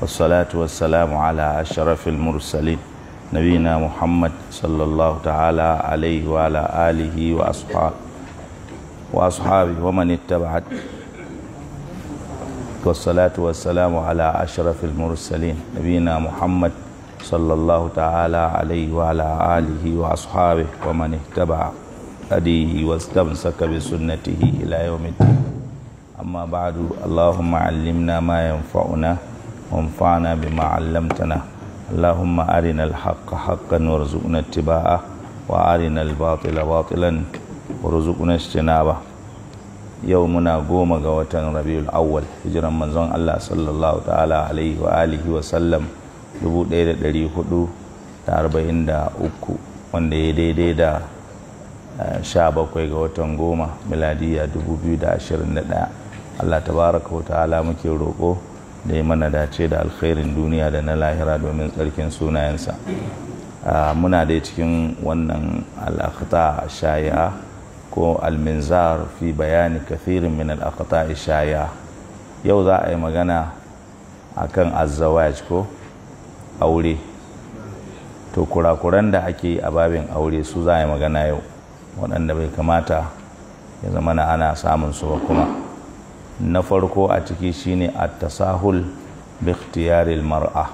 والصلاة والسلام على أشرف المرسلين نبينا محمد صلى الله تعالى عليه وعلى آله وأصحابه وأصحابه ومن اتبعت والصلاة والسلام على أشرف المرسلين نبينا محمد صلى الله تعالى عليه وعلى آله وأصحابه ومن اتبع هديه واستمسك بسنته إلى يوم الدين amma ba'du allahumma allimna ma yanfa'una wanfa'na bima 'allamtana allahumma arinal haqqo haqqan warzuqna ittiba'a wa arinal batila batilan warzuqna ijtinaba yau muna goma ga watan rabiul awwal hijiran manzon allah sallallahu ta'ala alaihi wa da wa sallam 1443 wanda ya daidai da sha bakwai ga watan goma miladiya ɗaya. Allah tabaraka wa ta'ala muke roƙo da ya mana dace da alkhairin duniya da na lahira domin tsarkin sunayensa muna dai cikin wannan al'akhta shaya ko alminzar fi bayani kathirin min al'akhta shaya yau za a yi magana akan azawaj ko aure to kurakuran da ake yi a babin aure su za a yi magana yau waɗanda bai kamata ya zama na ana samun su ba kuma na farko a ciki shine at-tasahul bi ikhtiyaril mar'a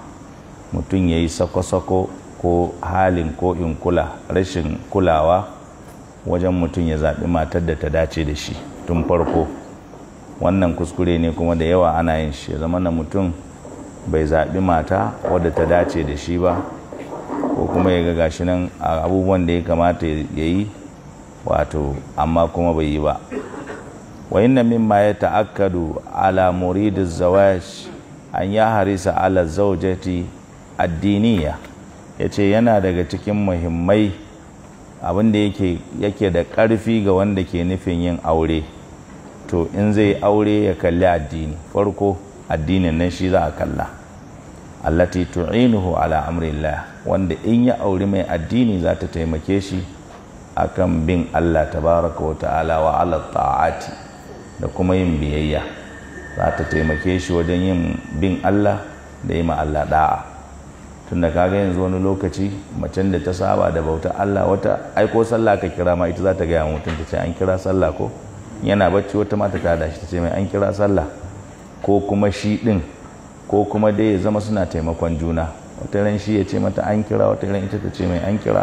mutum yayi sako-sako ko halin ko in kula rashin kulawa wajen mutum ya zaɓi matar da ta dace da shi tun farko wannan kuskure ne kuma da yawa ana yin shi zama na mutum bai zaɓi mata wadda ta dace da shi ba ko kuma ya ga gashi nan abubuwan da ya kamata ya yi wato amma kuma bai yi ba wa inna mimma ya ta'akkadu ala muridiz zawaj an ya harisa ala zaujati addiniya ce yana daga cikin muhimmai abinda yake yake da ƙarfi ga wanda ke nufin yin aure to in zai aure ya kalli addini farko addinin nan shi za a kalla allati tu'inuhu ala amrillah wanda in ya auri mai addini za ta taimake shi akan bin Allah tabaraka wa ta'ala wa ala ta'ati da kuma yin biyayya za ta taimake shi wajen yin bin Allah da yi ma Allah da'a tunda kaga yanzu wani lokaci macen da ta saba da bauta Allah wata aiko sallah ka kira ma ita za ta gaya mutum ta ce an kira sallah ko yana bacci wata mata ta da shi ta ce mai an kira sallah ko kuma shi din ko kuma dai ya zama suna taimakon juna wata ran shi ya ce mata an kira wata ran ita ta ce mai an kira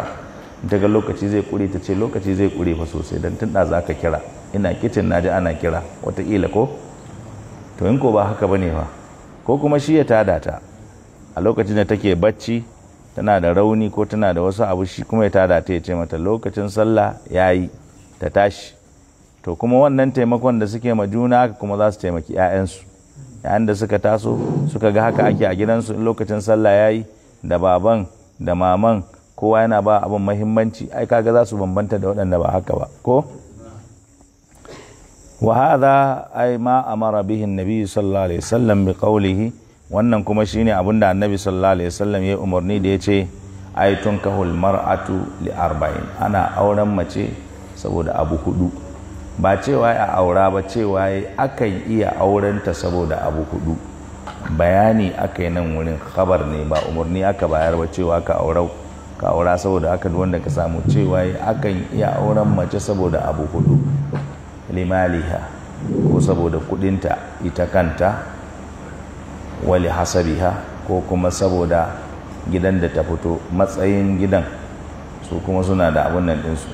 daga lokaci zai kure ta ce lokaci zai kure fa sosai don tun da za ka kira ina kicin na ji ana kira wataƙila ko to in ko ba haka ba ba ko kuma shi ya tada ta a lokacin da take bacci tana da rauni ko tana da wasu abu shi kuma ya tada ta ya ce mata lokacin sallah ya yi ta tashi to kuma wannan taimakon da suke ma juna haka kuma za su taimaki 'ya'yansu yayin da suka taso suka ga haka ake a gidansu in lokacin sallah ya yi da baban da maman kowa yana ba abin mahimmanci ai kaga za su bambanta da waɗanda ba haka ba ko وهذا أي ما أمر به النبي صلى الله عليه وسلم بقوله wannan kuma shine abin da annabi sallallahu alaihi wasallam ya umarni da ya ce ai tunkahul mar'atu li arba'in ana auren mace saboda abu hudu ba cewa a aura ba cewa akan iya aurenta saboda abu hudu bayani akai nan wurin khabar ne ba umarni aka bayar ba cewa ka ka aura saboda haka wanda ka samu cewa akan iya auren mace saboda abu hudu limaliha ko saboda kudinta ita kanta wali hasabiha ko kuma saboda gidan da ta fito matsayin gidan su kuma suna da abunan nan ɗinsu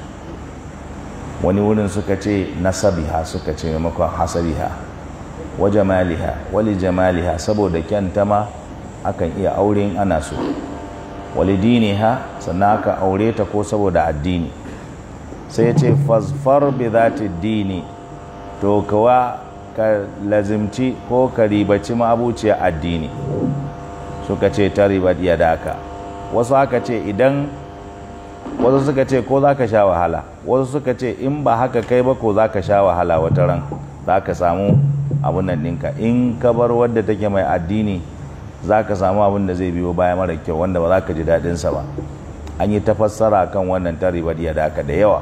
wani wurin suka ce nasabiha suka ce maimakon hasabiha wa jamaliha wali jamaliha saboda kyanta ma akan iya aure ana so wali diniha sannan aka aure ta ko saboda addini sai ce fasfar bi zati dini to kawa ka lazimci ko ka ribaci ma'abuciya addini suka ce ta ya daka wasu haka ce idan wasu suka ce ko za ka sha wahala wasu suka ce in ba haka kai ba ko za ka sha wahala wata ran za ka samu abunan in ka bar wadda take mai addini za ka samu abun da zai biyo baya mara kyau wanda ba za ka ji daɗinsa ba an yi tafassara kan wannan taribadiya da aka da yawa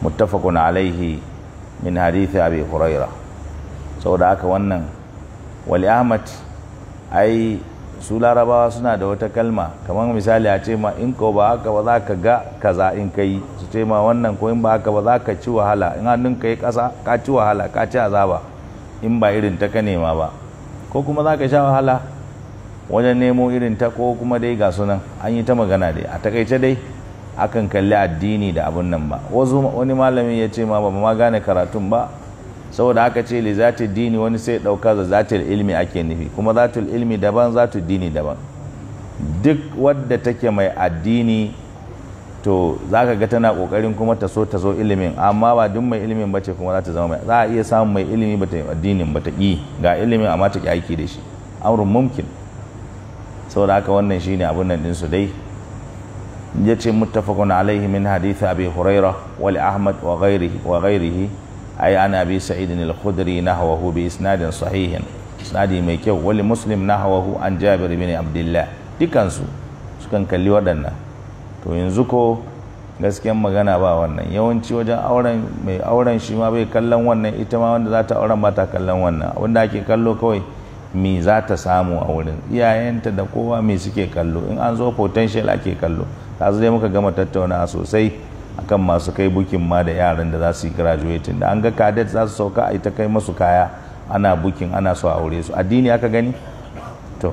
muttafaqun alaihi min hadithi abi huraira saboda haka wannan wali ahmad ai su larabawa suna da wata kalma kamar misali a ce ma in ko ba haka ba za ka ga kaza in ka yi su ce ma wannan ko in ba haka ba za ka ci wahala in hannun ka yi ƙasa ka ci wahala ka ci azaba in ba irin ta ka nema ba ko kuma za ka sha wahala wajen nemo irin ta ko kuma dai ga sunan an yi ta magana dai a takaice dai akan kalli addini da abun nan ba wasu wani malamin ya ce ma ba ma gane karatun ba saboda haka ce li zati dini wani sai dauka da zatul ilmi ake nufi kuma zatul ilmi daban zatul dini daban duk wadda take mai addini to zaka ga tana kokarin kuma ta so ta zo ilimin amma ba duk mai ilimin bace kuma za ta zama mai za a iya samun mai ilimi bata addinin bata ki ga ilimin amma ta ki aiki da shi amrun mumkin saboda aka wannan shine abun nan din su dai ya ce muttafaqun alaihi min hadith abi huraira wal ahmad wa ghairihi wa ghairihi ay an abi sa'id al-khudri nahwahu bi isnadin sahihin isnadi mai kyau wali muslim nahwahu an jabir bin abdullah dukansu sukan kalli waɗannan to yanzu ko gaskiyan magana ba wannan yawanci wajen auren mai auren shi ma bai kallon wannan ita ma wanda za ta auren ba ta kallon wannan abinda ake kallo kawai me za ta samu a wurin iyayenta da kowa me suke kallo in an zo potential ake kallo ta dai muka gama tattauna sosai akan masu kai bukin ma da yaran da za su yi graduating da an ga kadet za su sauka a ita kai masu kaya ana bukin ana so a wuri su addini aka gani to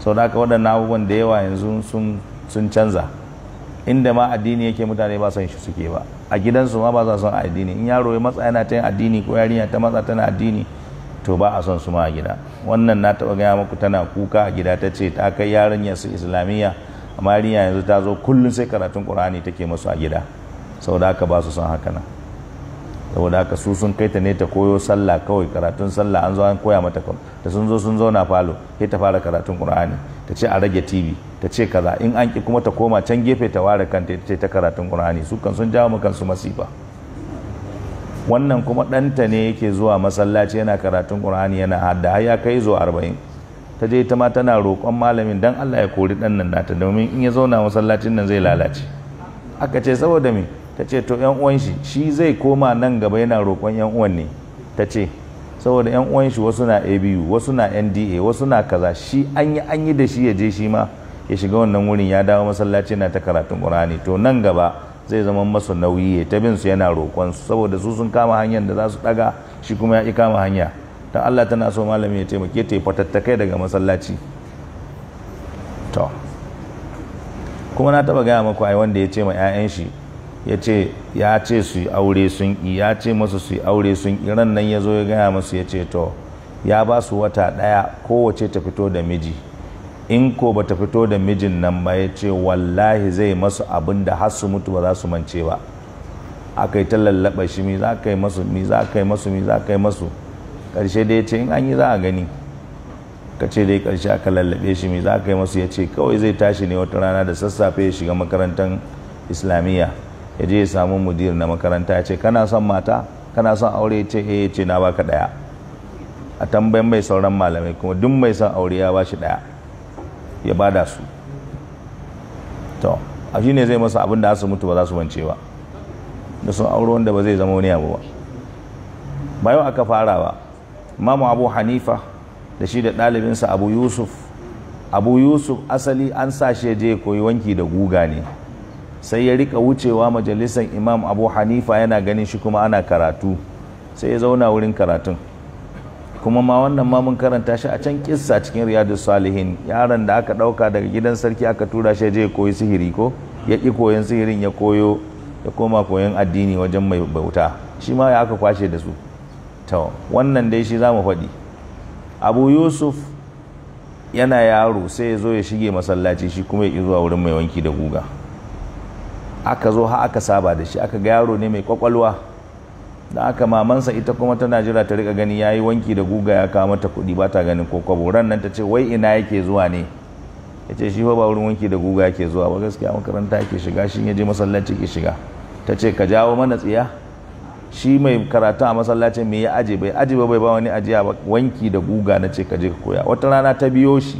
sau da aka waɗannan abubuwan da yawa yanzu sun canza inda ma addini yake mutane ba son shi suke ba a gidansu ma ba za son addini in yaro ya matsa yana ta yin addini ko yarinya ta matsa tana addini to ba a son su ma a gida wannan na taɓa gaya muku tana kuka a gida ta ce ta kai yarinyar su islamiyya amma yarinya yanzu ta zo kullum sai karatun ƙur'ani take masu a gida saboda haka ba su son haka nan saboda haka su sun kai ta ne ta koyo sallah kawai karatun sallah an zo an koya mata da sun zo sun zauna falo sai ta fara karatun ƙur'ani ta ce a rage tv ta ce kaza in an ki kuma ta koma can gefe ta ware kanta ta ce ta karatun ƙur'ani su kan sun jawo mu kansu masifa wannan kuma ɗanta ne yake zuwa masallaci yana karatun ƙur'ani yana hada ya kai zuwa arba'in ta je ta ma tana roƙon malamin dan Allah ya kori ɗan nan nata domin in ya zauna masallacin nan zai lalace aka ce saboda me ta ce to yan uwan shi shi zai koma nan gaba yana roƙon yan uwan ne ta ce saboda yan uwan shi wasu na ABU wasu na NDA wasu na kaza shi an yi an yi da shi ya je shi ma ya shiga wannan wurin ya dawo masallaci na ta karatun ƙur'ani to nan gaba zai zama masu nauyi ya ta bin su yana roƙon su saboda su sun kama hanyar da za su ɗaga shi kuma ya ƙi kama hanya dan Allah tana so malami ya taimake ta fatattakai daga masallaci to kuma na taba gaya maku ai wanda ya ce ma 'ya'yan shi ya ce ya ce su yi aure sun ƙi ya ce masu su yi aure sun ƙi ran nan ya zo ya gaya masu ya ce to ya ba su wata ɗaya kowace ta fito da miji in ko bata fito da mijin nan ba ya ce wallahi zai masu abin da har su mutu ba za su mance ba aka yi ta lallaba shi mi za ka yi masu mi za ka yi masu mi za ka yi masu karshe da ya ce in an yi za a gani ka ce dai karshe aka lallabe shi mi za ka yi masu ya ce kawai zai tashi ne wata rana da sassafe ya shiga makarantar islamiyya ya je ya samu mudir na makaranta ya ce kana son mata kana son aure ya ce eh ya ce na baka daya a tambayin mai sauran malamai kuma duk mai son aure ya ba shi ɗaya. ya bada su to a shi ne zai masa abin da su mutu ba za su wance ba da sun auro wanda ba zai zama wani abu ba ba bayan aka fara ba mamu abu hanifa da shi da ɗalibinsa abu yusuf abu yusuf asali an sa shi je koyi wanki da guga ne sai ya rika wucewa majalisar imam abu hanifa yana ganin shi kuma ana karatu sai ya zauna wurin karatun kuma ma wannan ma mun karanta shi a can kissa cikin riyadu salihin yaron da aka ɗauka daga gidan sarki aka tura shi je koyi sihiri ko ya ƙi koyon sihirin ya koyo ya koma koyon addini wajen mai bauta shi ma ya aka kwashe da su to wannan dai shi za mu faɗi abu yusuf yana yaro sai ya zo ya shige masallaci shi kuma ya zuwa wurin mai wanki da guga aka zo ha aka saba da shi aka ga yaro ne mai kwakwalwa da aka mamansa ita kuma tana jira ta rika gani yayi wanki da guga ya kawo mata kuɗi ba ta ganin ko kwabo ran nan ta ce wai ina yake zuwa ne ya ce shi fa ba wurin wanki da guga yake zuwa ba gaskiya makaranta yake shiga shi ya je masallaci ke shiga ta ce ka jawo mana tsiya shi mai karatu a masallacin me ya aje bai aje ba bai ba wani ajiya ba wanki da guga na ce ka je ka koya wata rana ta biyo shi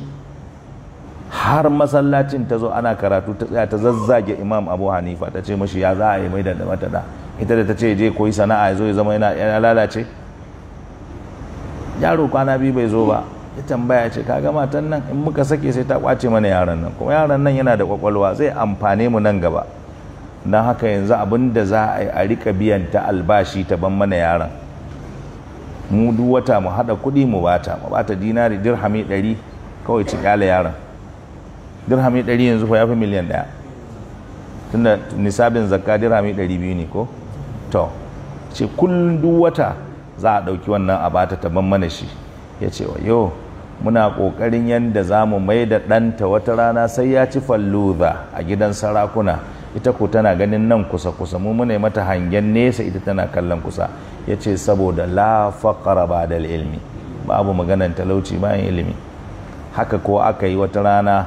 har masallacin ta zo ana karatu ta tsaya ta zazzage imam abu hanifa ta ce mashi ya za a yi mai da mata da ita da ta ce je koyi sana'a ya zo ya zama yana lalace yaro kwana biyu bai zo ba ya tambaya ce kaga matan nan in muka sake sai ta kwace mana yaran nan kuma yaran nan yana da kwakwalwa zai amfane mu nan gaba don haka yanzu abin da za a yi a rika biyan ta albashi ta ban mana yaran mu duk wata mu haɗa kuɗi mu bata mu bata dinari dirhami ɗari kawai ci ƙyale yaran dirhami ɗari yanzu fa ya fi miliyan ɗaya tunda nisabin zakka dirhami ɗari biyu ne ko to ce kullum wata za a ɗauki wannan a bata ta mana shi ya ce wa yau muna ƙoƙarin yadda za mu mai da ɗanta wata rana sai ya ci falluza a gidan sarakuna ita ko tana ganin nan kusa-kusa mu muna mata hangen nesa ita tana kallon kusa ya ce saboda la ba da ilmi babu maganan talauci bayan ilimi haka ko aka yi wata rana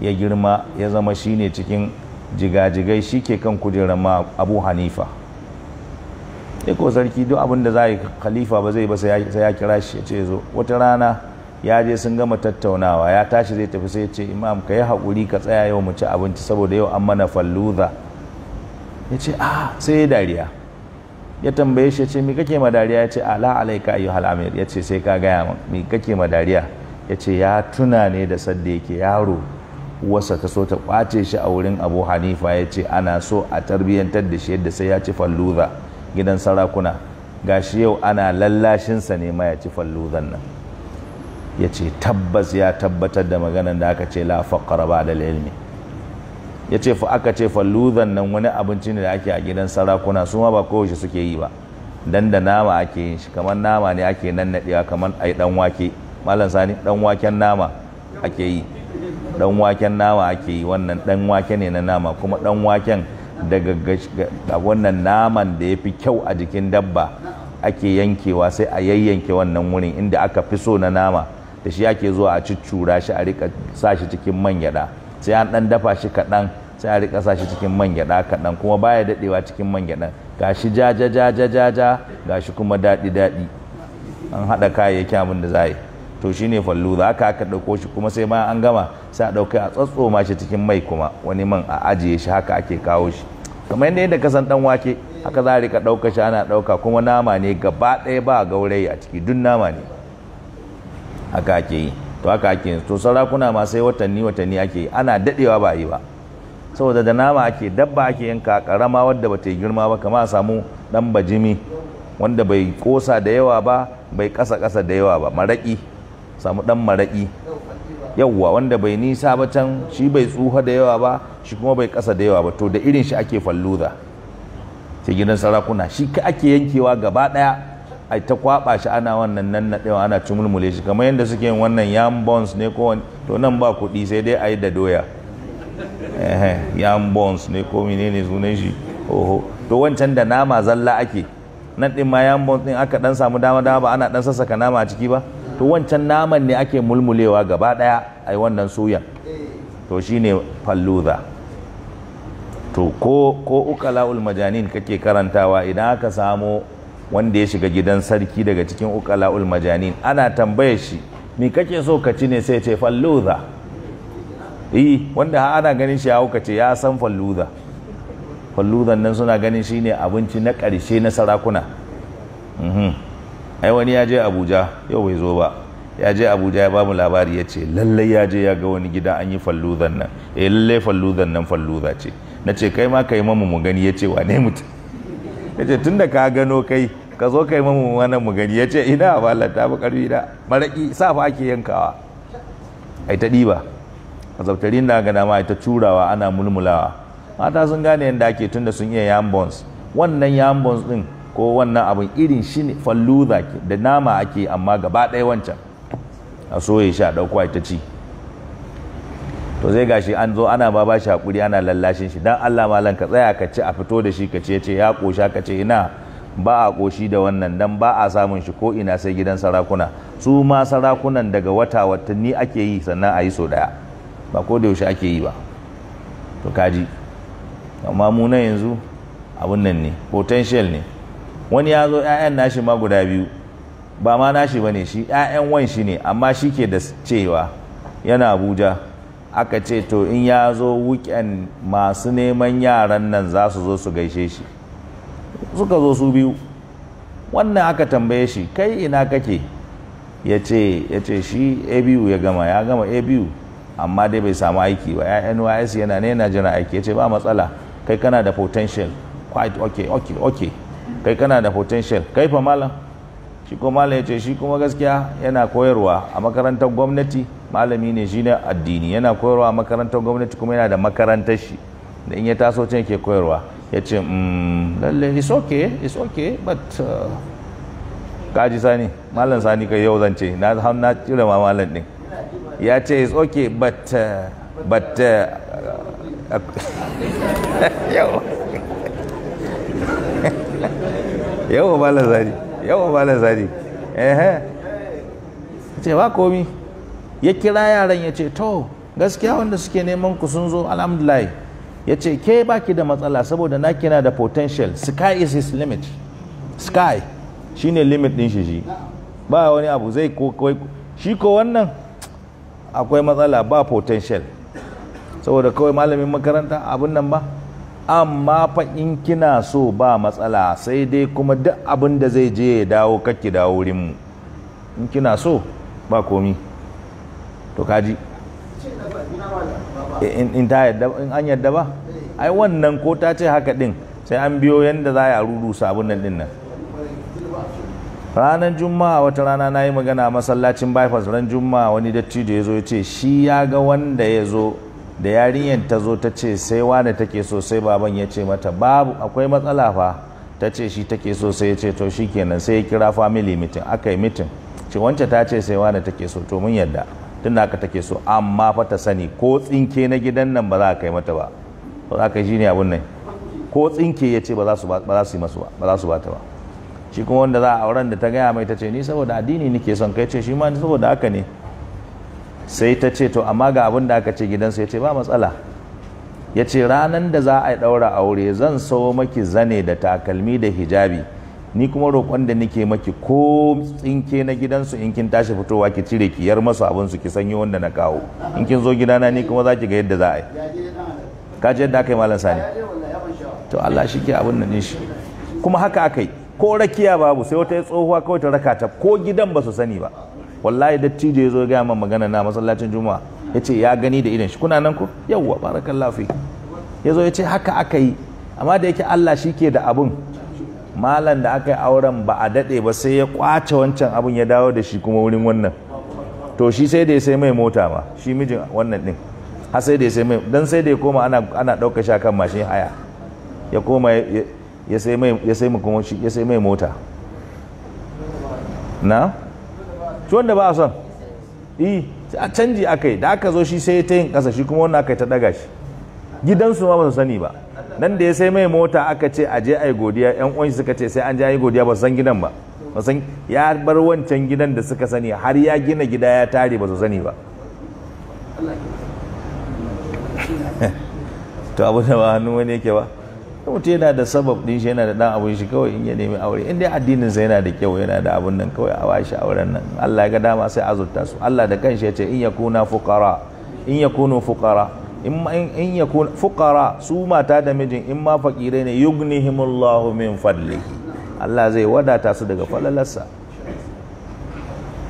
ya girma ya zama shine cikin jigajigai shi ke kan kujerar ma abu hanifa sai ko sarki duk abin da za yi khalifa ba zai ba sai ya kira shi ya ce zo wata rana ya je sun gama tattaunawa ya tashi zai tafi sai ya ce imam ka yi haƙuri ka tsaya yau mu ci abinci saboda yau an mana falluza ya ce a sai ya dariya ya tambaye shi ya ce mi kake ma dariya ya ce ala alaika ayu halamir ya ce sai ka gaya min mi kake ma dariya ya ce ya tuna ne da sadda yake yaro wasa ta so ta kwace shi a wurin abu hanifa ya ce ana so a tarbiyyantar da shi yadda sai ya ci falluza gidan sarakuna gashi yau ana lallashinsa ne ma ya ci falluzan nan ya ce tabbas ya tabbatar da maganan da aka ce la da lalmi ya ce fa aka ce falluzan nan wani abinci ne da ake a gidan sarakuna su ma ba kowace suke yi ba dan da nama ake yin shi kamar nama ne ake nannadewa kamar ai dan wake malam sani dan waken nama ake yi dan waken nama ake yi wannan dan wake ne na nama kuma dan waken daga wannan naman da ya fi kyau a jikin dabba ake yankewa sai a yayyanke wannan wurin inda aka fi so na nama da shi ake zuwa a cuccura shi a rika sa shi cikin man gyada sai an dan dafa shi kaɗan sai a rika sa shi cikin man gyada kaɗan kuma baya daɗewa cikin man gyadan gashi ja ja ja ja gashi kuma daɗi daɗi an haɗa kayayyaki abin da za yi to shi shine falluza haka aka ɗauko shi kuma sai bayan an gama sai a ɗauka a ma shi cikin mai kuma wani man a ajiye shi haka ake kawo shi kamar yadda yadda kasan ɗan wake haka za a rika ɗauka shi ana ɗauka kuma nama ne gaba ɗaya ba gaurayi a ciki duk nama ne haka ake yi to haka ake yi to sarakuna ma sai watanni watanni ake yi ana daɗewa ba yi ba saboda da nama ake dabba ake yanka karama wadda ba ta yi girma ba kama a samu ɗan bajimi wanda bai kosa da yawa ba bai kasa kasa da yawa ba maraƙi samu dan maraƙi yawwa wanda bai nisa ba can shi bai tsuha da yawa ba shi kuma bai ƙasa da yawa ba to da irin shi ake falluza sai gidan sarakuna shi ka ake yankewa gaba ɗaya a ta kwaɓa shi ana wannan nan na naɗewa ana cimulmule shi kamar yadda suke yin wannan yam bones ne ko to nan ba kuɗi sai dai a yi da doya yam bones ne ko menene sunan shi oho to wancan da nama zalla ake nan ɗin ma yam bones ɗin aka ɗan samu dama dama ba ana ɗan sassaka nama a ciki ba to wancan naman ne ake mulmulewa gaba daya ai wannan suyan to shine falluza to ko ko uqalaul majanin kake karantawa idan aka samu wanda ya shiga gidan sarki daga cikin uqalaul majanin ana tambaye shi me kake so ka ci ne sai ce falluza eh wanda ana ganin shi ya ce ya san falluza falluzan nan suna ganin shine abinci na ƙarshe na sarakuna mhm. ai wani ya je abuja yau bai zo ba ya je abuja ya ba mu labari ya ce lallai ya je ya ga wani gida an yi falluzan nan eh lallai falluzan nan falluza ce na ce kai ma ka yi mamu mu gani ya ce wa, "Ne mutum ya ce tun da ka gano kai ka zo ka yi mamu wannan mu gani ya ce ina ba ta fi karfi da maraƙi sa fa ake yankawa ai ta ɗiba a da ga dama ai ta turawa ana mulmulawa mata sun gane yadda ake tun da sun iya yambons wannan yambons ɗin. ko wannan abin irin shi ne falluza da nama ake amma gaba ɗaya wancan a soye shi a ɗauko ta ci to zai gashi an zo ana ba bashi hakuri ana lallashin shi don Allah malam ka tsaya ka ci a fito da shi ka ce ce ya ƙosha ka ce ina ba a koshi da wannan don ba a samun shi ko ina sai gidan sarakuna su ma sarakunan daga wata watanni ake yi sannan a yi sau daya ba ko da yaushe ake yi ba to kaji amma mu na yanzu abun nan ne potential ne wani ya zo 'ya'yan nashi ma guda biyu ba ma nashi ba ne shi 'ya'yan wan shi ne amma shi ke da cewa yana abuja aka ce to in ya zo wuken masu neman yaran nan za su zo su gaishe shi suka zo su biyu wannan aka tambaye shi kai ina kake ya ce ya ce shi abu ya gama ya gama abu amma dai bai samu aiki ba ya nys yana ne yana jira aiki ya ce ba matsala kai kana da potential quite okay okay okay kai kana da potential kai fa malam shi ko malam ya ce shi kuma gaskiya yana koyarwa a makarantar gwamnati malami ne shi ne addini yana koyarwa a makarantar gwamnati kuma yana da makarantar shi da in ya taso can yake koyarwa ya ce mm, lalle it's okay it's okay but uh, kaji sani malam sani kai yau zan ce na har na cire ma malam din ya ce it's okay but uh, but uh, yau yawa ba zari yawa ba zari ehe ce ba komi ya kira yaran ya ce to gaskiya wanda suke neman ku sun zo alhamdulillah ya ce ke baki da matsala saboda na kina da potential sky is his limit sky shine limit din shi shi ba wani abu zai ko shi ko wannan akwai matsala ba potential saboda kawai malamin makaranta abin nan ba amma fa in kina so ba matsala sai dai kuma duk abin da zai je ya dawo kakki dawo mu. in kina so ba komi to kaji eh, in ta yadda in an yadda ba ai wannan ko ta ce haka din sai an biyo yadda za a ruru sabon nan din nan ranar juma'a wata rana na yi magana masallacin bypass ran juma'a wani dattijo ya zo ya ce shi ya ga wanda ya zo da yarinyar ta zo ta ce sai wane take so sai baban ya ce mata babu akwai matsala fa ta ce shi take so sai ya ce to shi kenan sai ya kira family meeting aka yi meeting ce wance ta ce sai wane take so to mun yadda tun da haka take so amma fa ta sani ko tsinke na gidan nan ba za ka kai mata ba ba za ka yi shine abun nan ko tsinke ya ce ba za su ba za su yi masu ba ba za su ba ta ba shi kuma wanda za a auren da ta gaya mai ta ce ni saboda addini nake son kai ce shi ma saboda haka ne sai ta ce to amma ga abin da aka ce gidansu ya ce ba matsala ya ce ranar da za a daura aure zan sawo maki zane da takalmi da hijabi ni kuma roƙon da nike maki ko tsinke na gidansu in kin tashi fitowa ki cire ki yar masu abin su ki sanyi wanda na kawo in kin zo gidana ni kuma za ki ga yadda za a yi ka yadda aka yi malam sani to Allah shi ke abin nan shi kuma haka aka yi ko rakiya babu sai wata tsohuwa kawai ta raka ta ko gidan ba su sani ba wallahi dattijo ya zo gaya min magana na masallacin juma'a yace ce ya gani da idan shi kuna nan ku yawwa barakallahu fi ya zo ya haka aka yi amma da yake Allah shi ke da abun malam da aka yi auren ba a daɗe ba sai ya kwace wancan abun ya dawo da shi kuma wurin wannan to shi sai da ya sai mai mota ma shi mijin wannan din har sai da ya sai mai dan sai da ya koma ana ana ɗauka shi akan mashin haya ya koma ya sai mai ya sai mai mota na shi wanda ba a son yi eh, a canji aka yi da aka zo shi sai ta yin ƙasa shi kuma wannan aka yi ta daga shi gidansu ma ba sani ba nan da ya sai mai mota aka ce a je a yi godiya yan uwan suka ce sai an je a yi godiya ba su san gidan ba ya bar wancan gidan da suka sani har ya gina gida ya tare ba su sani ba to abu da ba hannun wani yake ba mutum yana da sabab din shi yana da dan abun shi kawai in ya nemi aure in dai addinin sa yana da kyau yana da abun nan kawai a washi auren nan Allah ya ga dama sai azurta su Allah da kanshi ya ce in yakuna fuqara in yakunu fuqara in in yakun fuqara su mata da mijin in ma fakirai ne yugnihimullahu min fadlihi Allah zai wadata su daga falalarsa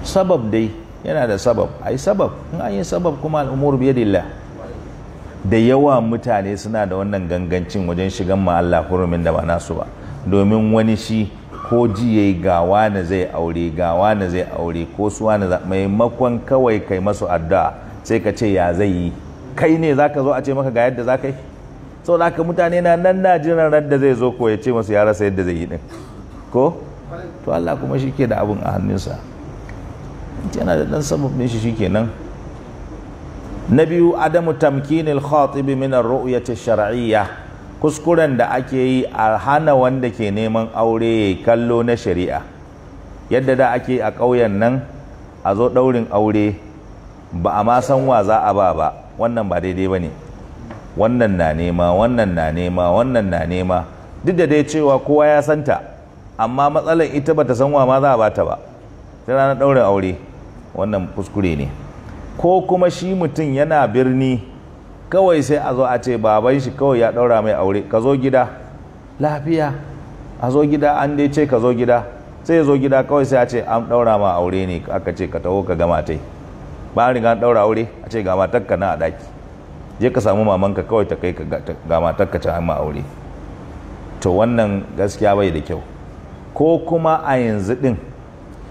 sabab dai yana da sabab ai sabab in an yi sabab kuma al'umur biyadillah da yawa mutane suna da wannan gangancin wajen shigan ma Allah hurumin da ba nasu ba domin wani shi ko ji yi gawa na zai aure gawa na zai aure ko suwa na maimakon kawai kai masu addu'a sai ka ce ya zai yi kai ne za ka zo a ce maka ga yadda za ka yi da haka mutane na nan na jiran ran da zai zo ko ya ce masu ya rasa yadda zai yi din ko to Allah kuma shi ke da abin a hannunsa yana da ɗan sababin shi ke nan. na biyu adamu tamkinil khatibi min ar-ru'yati shar'iyyah kuskuren da ake yi a hana wanda ke neman aure kallo na shari'a yadda da ake a ƙauyen nan a zo ɗaurin aure ba a ma san wa za a ba ba wannan ba daidai ba ne wannan na nema wannan na nema wannan na nema duk da dai cewa kowa ya santa amma matsalar ita bata san wa ma za a ba ta ba sai ranar ɗaurin aure wannan kuskure ne ko kuma shi mutum yana birni kawai sai a zo a ce baban shi kawai ya ɗaura mai aure ka zo gida lafiya a zo gida an dai ce ka zo gida sai ya zo gida kawai sai a ce an ɗaura ma aure ne aka ce ka taho ka gama tai ba an riga an ɗaura aure a ce ga takka na a daki je ka samu mamanka kawai ta kai ga takka ta ma aure to wannan gaskiya bai da kyau ko kuma a yanzu din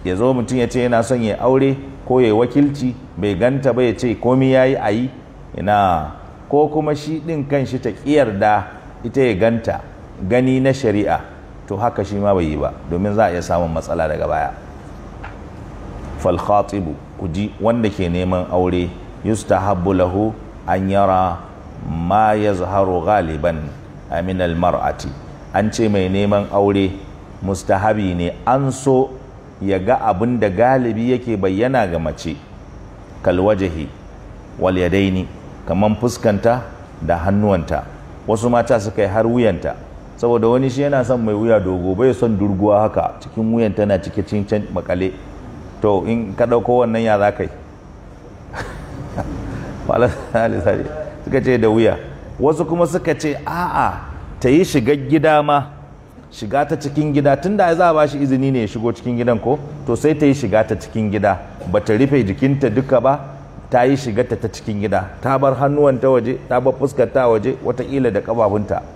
ya zo mutum ya ce yana son ya aure ko ya yi wakilci bai ganta ba ya ce komi ya yi a yi ina ko kuma shi ɗin kan shi ta da ita ya ganta gani na shari'a to haka shi ma bai yi ba domin za a iya samun matsala daga baya falkhatibu ku ji wanda ke neman aure habu lahu an yara ma zaharo galiban aminal mar'ati an ce mai neman aure mustahabi ne an so ya ga abin da galibi yake bayyana ga mace kalwajahi wal yadaini kaman fuskanta da hannuwanta wasu mata suka yi har wuyanta saboda wani shi yana son mai wuya dogo bai son durguwa haka cikin wuyan tana cike cincin makale to in ka ɗauko wannan ya za ka yi suka ce da wuya wasu kuma suka ce a'a ta yi shigar gida ma shiga ta cikin gida tun da za a shi izini ne ya shigo cikin gidan ko to sai ta yi shiga ta cikin gida bata rufe jikinta duka ba ta yi shiga ta cikin gida ta bar hannuwanta waje ta bar fuskar ta waje watakila da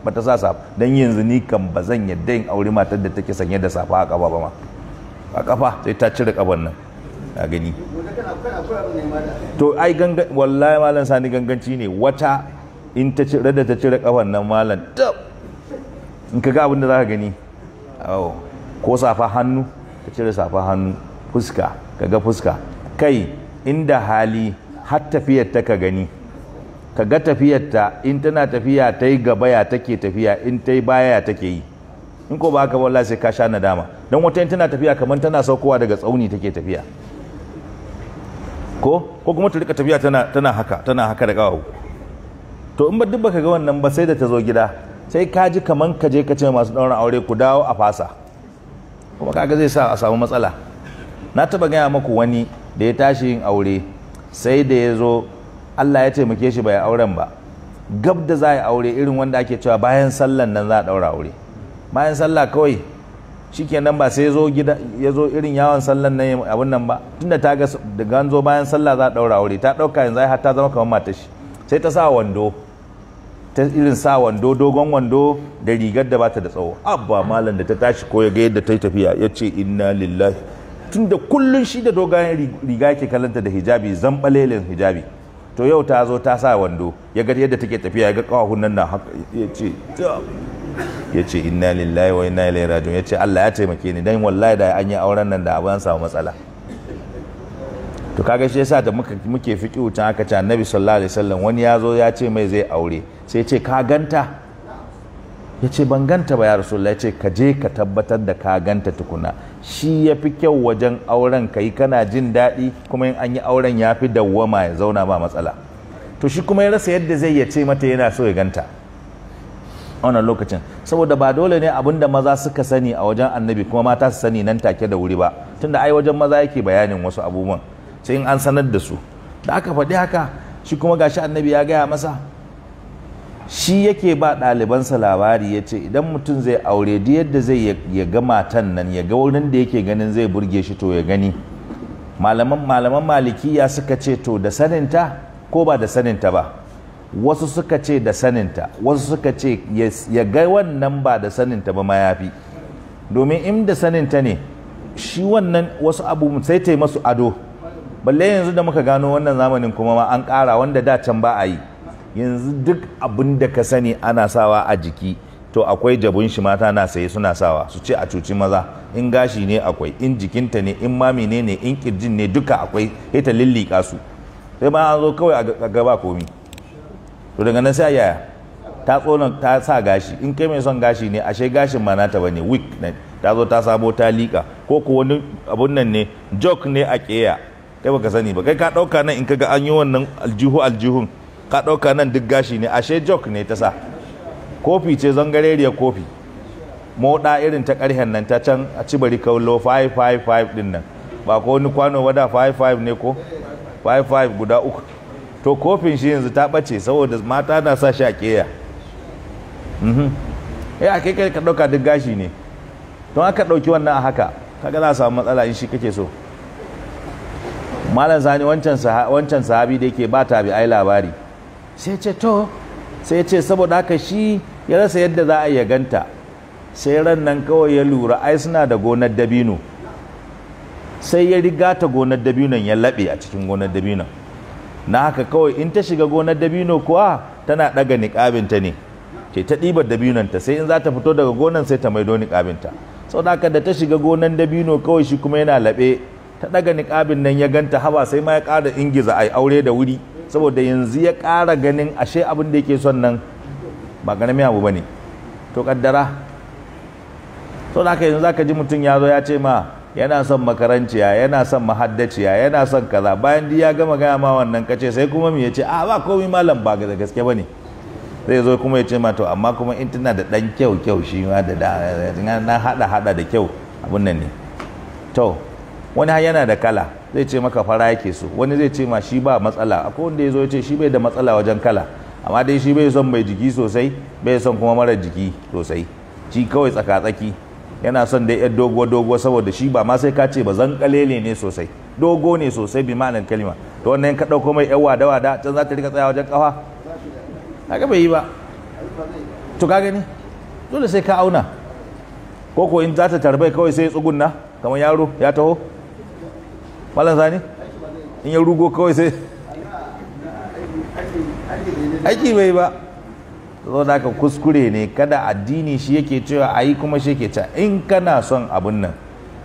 ba ta sa safa dan yanzu ni kan ba zan yadda in aure matar da take sanye da safa a ƙafa ba ma a kafa sai ta cire kaban nan a gani to ai gangan wallahi malam sani ganganci ne wata in ta cire da ta cire kafan nan malam dab in ka ga abin da za ka gani ko safa hannu ka cire safa hannu fuska ka ga fuska kai inda hali har tafiyar ta ka gani ka ga tafiyar ta in tana tafiya ta yi gaba ya take tafiya in ta yi baya ya take yi in ko ba ka bala sai ka sha nadama don wata in tana tafiya kamar tana saukowa daga tsauni take tafiya ko ko kuma ta rika tafiya tana haka tana haka da kawo to in ba duk baka ga wannan ba sai da ta zo gida sai ka ji kaman ka je ka ce masu ɗaurin aure ku dawo a fasa kuma kaga zai sa a samu matsala na taɓa gaya maku wani da ya tashi yin aure sai da ya zo Allah ya taimake shi bai auren ba gab da za a yi aure irin wanda ake cewa bayan sallan nan za a ɗaura aure bayan sallah kawai shikenan ba sai ya zo irin yawon sallan nan abin nan ba tunda ta ga zo bayan sallah za a ɗaura aure ta ɗauka yanzu har ta zama kamar matashi sai ta sa wando ta irin sa wando dogon wando da rigar da bata da tsawo abba malam da ta tashi ko ya ga yadda ta yi tafiya ya ce inna lillahi tun da kullun shi da dogon riga yake kalanta da hijabi zambalelin hijabi to yau ta zo ta sa wando ya ga yadda take tafiya ya ga kawahun nan na haka ya ce ya ce inna lillahi wa inna ilaihi rajiun ya ce Allah ya taimake ni dan wallahi da an yi auren nan da abu an samu matsala to kaga shi yasa da muke fiki fiqi wutan aka ce annabi sallallahu alaihi wasallam wani ya zo ya ce mai zai aure sai ce ka ganta ya ce ban ganta ba ya rasu ya ce ka je ka tabbatar da ka ganta tukuna shi ya fi kyau wajen auren ka yi kana jin daɗi kuma in an yi auren ya fi dawwama ya zauna ba matsala to shi kuma ya rasa yadda zai ya ce mata yana so ya ganta a wannan lokacin saboda ba dole ne abin da maza suka sani a wajen annabi kuma mata su sani nan take da wuri ba tunda ai wajen maza yake bayanin wasu abubuwan sai in an sanar da su da aka faɗi haka shi kuma gashi annabi ya gaya masa shi yake ba ɗalibansa labari ya ce idan mutum zai aure duk yadda zai ya ga matan nan ya ga wurin da yake ganin zai burge shi to ya gani malaman malaman malikiya suka ce to da saninta ko ba da saninta ba wasu suka ce da saninta wasu suka ce ya ga wannan ba da saninta ba ma yafi domin in da saninta ne shi wannan wasu abu sai ta masu ado balle yanzu da muka gano wannan zamanin kuma ma an ƙara wanda da can ba a yi yanzu duk abin da ka sani ana sawa a jiki to akwai jabun shi mata na saye suna sawa su ce a cuci maza in gashi ne akwai in jikinta ne in mami ne ne in kirjin ne duka akwai sai ta lillika su sai ma an zo kawai a gaba komi to daga nan sai yaya ta tsoron ta sa gashi in kai mai son gashi ne ashe gashin ma nata bane week ne ta zo ta sabo ta liƙa ko ko wani abun nan ne joke ne a keya kai baka sani ba kai ka ɗauka nan in kaga an yi wannan aljihu aljihun ka ɗauka nan duk gashi ne ashe jok ne ta sa kofi ce zangareriya kofi moɗa irin ta ƙarhen nan ta can a ci bari kaulo 555 ɗin nan ba ko wani kwano wada 55 ne ko 55 guda uku to kofin shi yanzu ta ɓace saboda mata na sa shi a ƙeya ya mhm. eh, ake kai ka ɗauka duk gashi ne don aka ɗauki wannan a haka kaga za a samu matsala in shi kake so malam sani wancan sahabi da yake ba tabi ai labari sai ce to sai ce saboda haka shi ya rasa yadda za a iya ganta sai ran nan kawai ya lura ai suna da gonar dabino sai ya riga ta gonar dabinon ya laɓe a cikin gonar dabinon na haka kawai in ta shiga gonar dabino kuwa tana ɗaga niƙabinta ne ke ta ɗibar dabinonta sai in za ta fito daga gonar sai ta maido niƙabinta sau da haka da ta shiga gonar dabino kawai shi kuma yana laɓe ta ɗaga niƙabin nan ya ganta haba sai ma ya ƙara ingiza a aure da wuri saboda yanzu ya ƙara ganin ashe abin da yake son nan ba ganin abu ba ne to kaddara sau da haka yanzu ka ji mutum ya zo ya ce ma yana son makaranciya yana son mahaddaciya yana son kaza bayan duk ya gama gaya ma wannan kace sai kuma me ya ce a ba komai malam ba da gaske ba ne zai zo kuma ya ce ma to amma kuma in tana da ɗan kyau kyau shi ma da na haɗa haɗa da kyau abin nan ne to wani yana da kala zai ce maka fara yake so wani zai ce ma shi ba matsala akwai wanda ya zo ya ce shi bai da matsala wajen kala amma dai shi bai son mai jiki sosai bai son kuma mara jiki sosai shi kawai tsaka-tsaki yana son dai yar dogo-dogo saboda shi ba ma sai ka ce ba zan kalele ne sosai dogo ne sosai bi ma'anar kalima to wannan ka ɗauko mai yan wada-wada can za ta rika tsaya wajen kafa haka bai yi ba to ka gani dole sai ka auna ko ko in za ta tarbai kawai sai tsugunna kamar yaro ya taho malam sani in ya rugo kawai sai aiki bai ba zo da ka kuskure ne kada addini shi yake cewa ayi kuma shi yake ca in kana son abun nan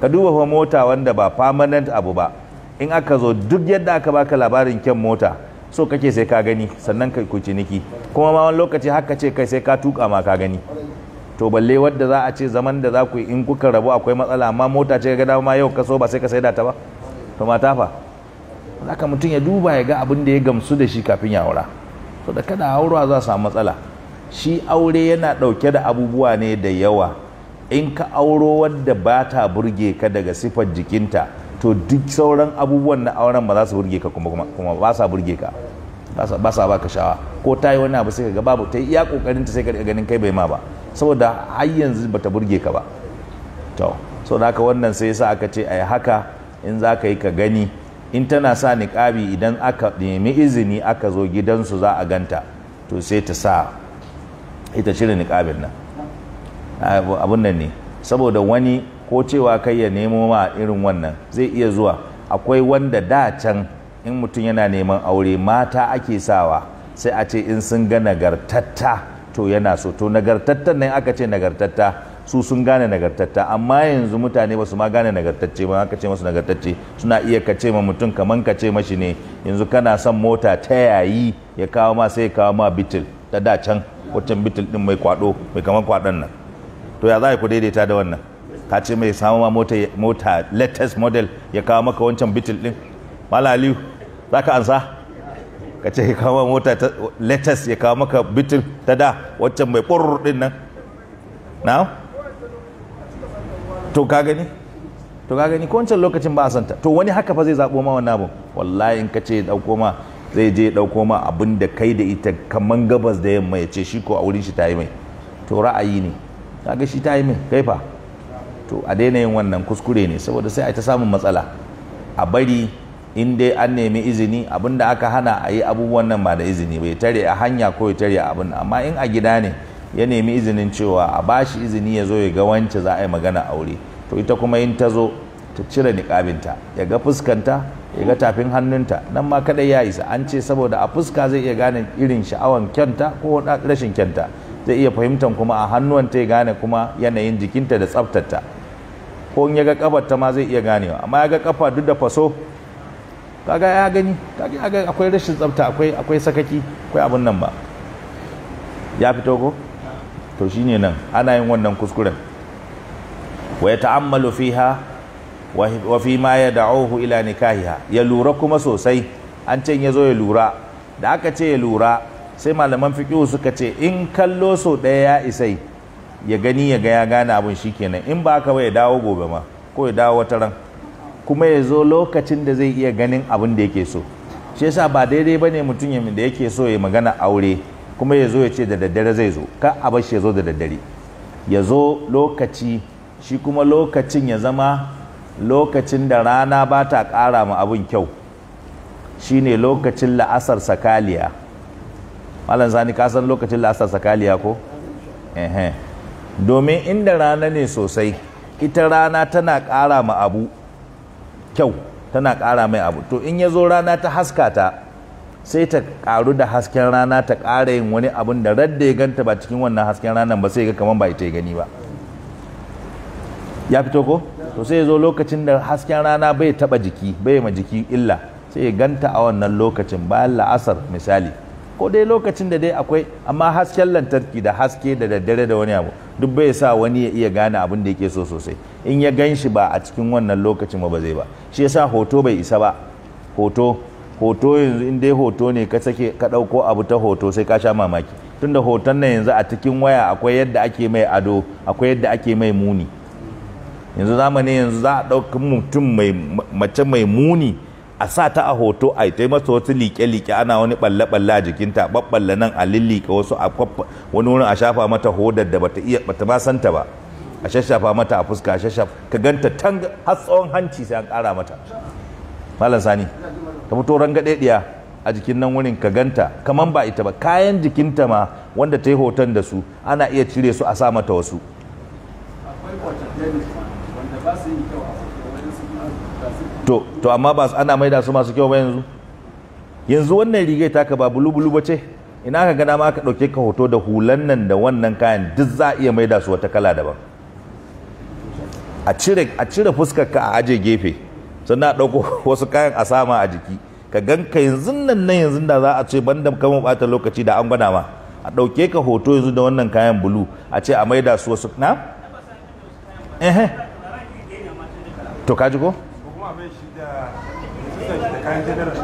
ka duba fa mota wanda ba permanent abu ba in aka zo duk yadda aka baka labarin kyan mota so kake sai ka gani sannan ka ku ciniki kuma ma wani lokaci haka ce kai sai ka tuka ma ka gani to balle wadda za a ce zaman da za ku in kuka rabu akwai matsala amma mota ce ga dama yau ka so ba sai ka saida ta ba to mata fa ka mutum ya duba ya ga abin da ya gamsu da shi kafin ya aura so da kada aura za samu matsala shi aure yana dauke da abubuwa ne da yawa in ka auro wadda ba ta burge ka daga sifar jikinta to duk sauran abubuwan na auren ba za su burge ka kuma kuma ba sa burge ka ba sa baka shawa ko ta yi wani abu sai ka ga babu ta yi iya kokarin ta sai ka ganin kai bai ma ba saboda har yanzu ta burge ka ba to so da haka wannan sai yasa aka ce ai haka in za ka yi ka gani in tana sa niƙabi idan aka nemi izini aka zo gidansu za a ganta to sai ta sa ita cire niƙabin nan abun nan ne saboda wani ko cewa kai ya nemo ma irin wannan zai iya zuwa akwai wanda da can in mutum yana neman aure mata ake sawa sai a ce in sun ga nagartatta to yana so to nagartattan nan aka ce nagartatta su sun gane nagartatta amma yanzu mutane ba su ma gane nagartacce ba ka ce masu nagartacce suna iya ka ce ma mutum kaman ka ce mashi ne yanzu kana son mota ta yayi ya kawo ma sai ya kawo ma bitil ta da can wancan bitil din mai kwado mai kaman kwadon nan to ya za ku daidaita da wannan ka ce mai samu ma mota mota latest model ya kawo maka wancan bitil din malali za ka ansa ka ce ya kawo ma mota ta latest ya kawo maka bitil ta da wancan mai ƙurur din nan na'am to ka gani to ka gani ko wancan lokacin ba a santa to wani haka fa zai zabo ma wannan abun wallahi in ka ce dauko ma zai je dauko ma abin da kai da ita kaman gabas da yamma ya ce shi ko a wurin shi ta yi mai to ra'ayi ne kaga shi ta yi mai kai fa to a daina yin wannan kuskure ne saboda sai a ta samun matsala a bari in dai an nemi izini abin da aka hana a yi abubuwan nan ba da izini bai tare a hanya ko ya tare a abin amma in a gida ne ya nemi izinin cewa a bashi izini ya zo ya ga wance za a yi magana aure to ita kuma in ta zo ta cire niƙabinta ya ga fuskanta ya ga tafin hannunta nan ma kadai ya isa an ce saboda a fuska zai iya gane irin sha'awan kyanta ko rashin kyanta zai iya fahimtar kuma a hannuwanta ya gane kuma yanayin jikinta da tsaftarta ko in ya ga kafarta ma zai iya ganewa amma ya ga kafa duk da faso kaga ya gani kaga ga akwai rashin tsafta akwai akwai sakaki akwai abin nan ba ya fito ko to shine nan ana yin wannan kuskuren wa yata'ammalu fiha wa fi ma yad'uhu ila nikahiha ya lura kuma sosai an ce ya zo ya lura da aka ce ya lura sai malaman fiqhu suka ce in kallo so ɗaya ya isai ya gani ya ga ya gane abin kenan in ba haka ba ya dawo gobe ma ko ya dawo wata ran kuma ya zo lokacin da zai iya ganin abin da yake so shi yasa ba daidai bane mutum da yake so ya magana aure kuma ya zo ya ce da daddare zai zo ka a bar shi ya zo da daddare ya zo lokaci shi kuma lokacin ya zama lokacin da rana ba ta ƙara ma abin kyau shi ne lokacin la'asar sakaliya malam sani ka san lokacin la'asar sakaliya ko domin inda rana ne sosai ita rana tana ƙara ma abu kyau tana ƙara mai abu to in ya zo rana ta haska ta sai ta karu da hasken rana ta kara yin wani abin da radda ya ganta ba cikin wannan hasken rana ba sai ga kamar ba ita ya gani ba ya fito ko to sai ya zo lokacin da hasken rana bai taba jiki bai ma jiki illa sai ya ganta a wannan lokacin bayan la'asar misali ko dai lokacin da dai akwai amma hasken lantarki da haske da daddare da wani abu duk bai sa wani ya iya gane abin da yake so sosai in ya gan shi ba a cikin wannan lokacin ba zai ba shi yasa hoto bai isa ba hoto hoto yanzu in dai hoto ne ka sake ka dauko abu ta hoto sai ka sha mamaki tunda hoton nan yanzu a cikin waya akwai yadda ake mai ado akwai yadda ake mai muni yanzu zamani yanzu za a ɗaukar mutum mai mace mai muni a sa ta a hoto a ta masa wasu liƙe-liƙe ana wani ɓalle-ɓalle a jikinta ɓaɓɓalle nan a lilliƙa wasu a wani wurin a shafa mata hodar da bata iya bata ma santa ba a shashafa mata a fuska a shashafa ka ganta tan har tsawon hanci sai an ƙara mata malam sani ka fito rangadediya a jikin nan wurin ka ganta kamar ba ita ba kayan jikinta ma wanda ta yi hoton da su ana iya cire su a sa mata wasu to to amma ba ana maida su masu kyau ba yanzu yanzu wannan rigai taka ba bulu bulu ba ce ina ka gana ma ka ɗauke ka hoto da hulan nan da wannan kayan duk za a iya da su wata kala daban a cire a cire fuskar ka a aje gefe sannan a ɗauko wasu kayan a sama a jiki ka gan ka yanzu nan na yanzu da za a ce ban da kama bata lokaci da an gwada ma a ɗauke ka hoto yanzu da wannan kayan bulu a ce a maida su wasu na? ehe to ka ji ko?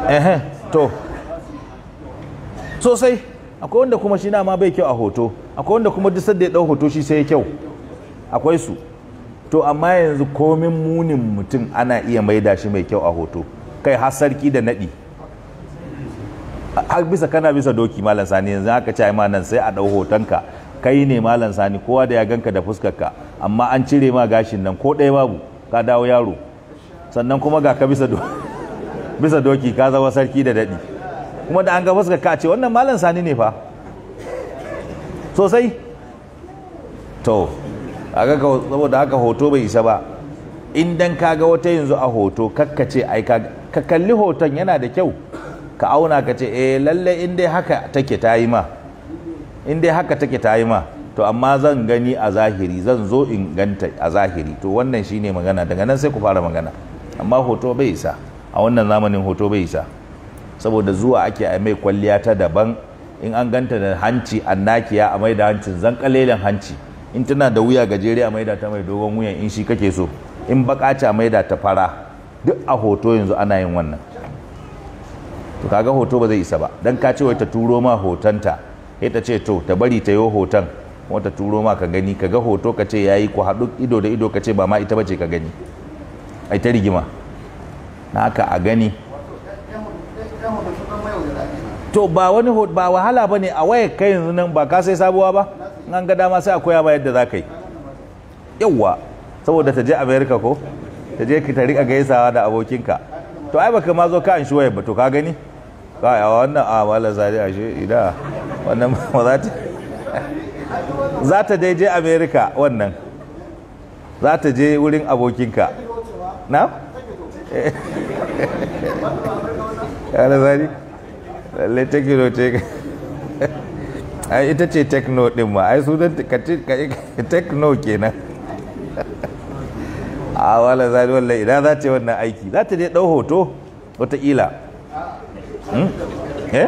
ehe to sosai akwai wanda kuma shi na ma bai kyau a hoto akwai wanda kuma duk da ya ɗau hoto shi sai ya kyau akwai su to amma yanzu komin munin mutum ana iya maida shi mai kyau a hoto kai har sarki da naɗi har bisa kana bisa doki malam sani yanzu aka ce ma nan sai a ɗau hotonka kai ne malam sani kowa da ya ganka da fuskarka amma an cire ma gashin nan ko ɗaya babu ka dawo yaro sannan kuma ga ka bisa bisa doki ka zama sarki da daɗi kuma da an ga fuskarka a ce wannan malam sani ne fa sosai to kaga saboda haka hoto bai isa ba in dan kaga wata yanzu a hoto kakkace ai ka kalli hoton yana da kyau ka auna ka ce eh lalle in dai haka take ta yi ma in haka take ta ma to amma zan gani a zahiri zan zo in ganta a zahiri to wannan shine magana daga nan sai ku fara magana amma hoto bai isa a wannan zamanin hoto bai isa saboda zuwa ake a mai kwalliya ta daban in an ganta da hanci annakiya a mai da hancin zan kalelen hanci in tana da wuya gajeriya maida ta mai dogon wuyan in shi kake so in bakaca maida ta fara duk a hoto yanzu ana yin wannan to kaga hoto ba zai isa ba dan ka ce wai ta turo ma hotonta sai ta ce to ta bari ta yi hoton kuma ta turo ma ka gani kaga hoto ka ce yayi ku haɗu ido da ido ka ce ba ma ita bace ka gani ai ta rigima na haka a gani to ba wani ba wahala bane a wayar kai yanzu nan ba ka sai sabuwa ba nan ga dama sai a koya ba yadda za ka yi yawwa saboda ta je america ko ta je ta riƙa gaisawa da abokinka to ai baka ma zo ka shi waye ba to ka gani ka a wannan a malam zari a shi ida wannan ba za ta za ta dai je america wannan za ta je wurin abokinka na? ya da zari lalle take ai ita ce techno din ma ai sunan techno kenan a wala zai wallahi idan za ce wannan aiki za ta je dau hoto watakila. Hmm? eh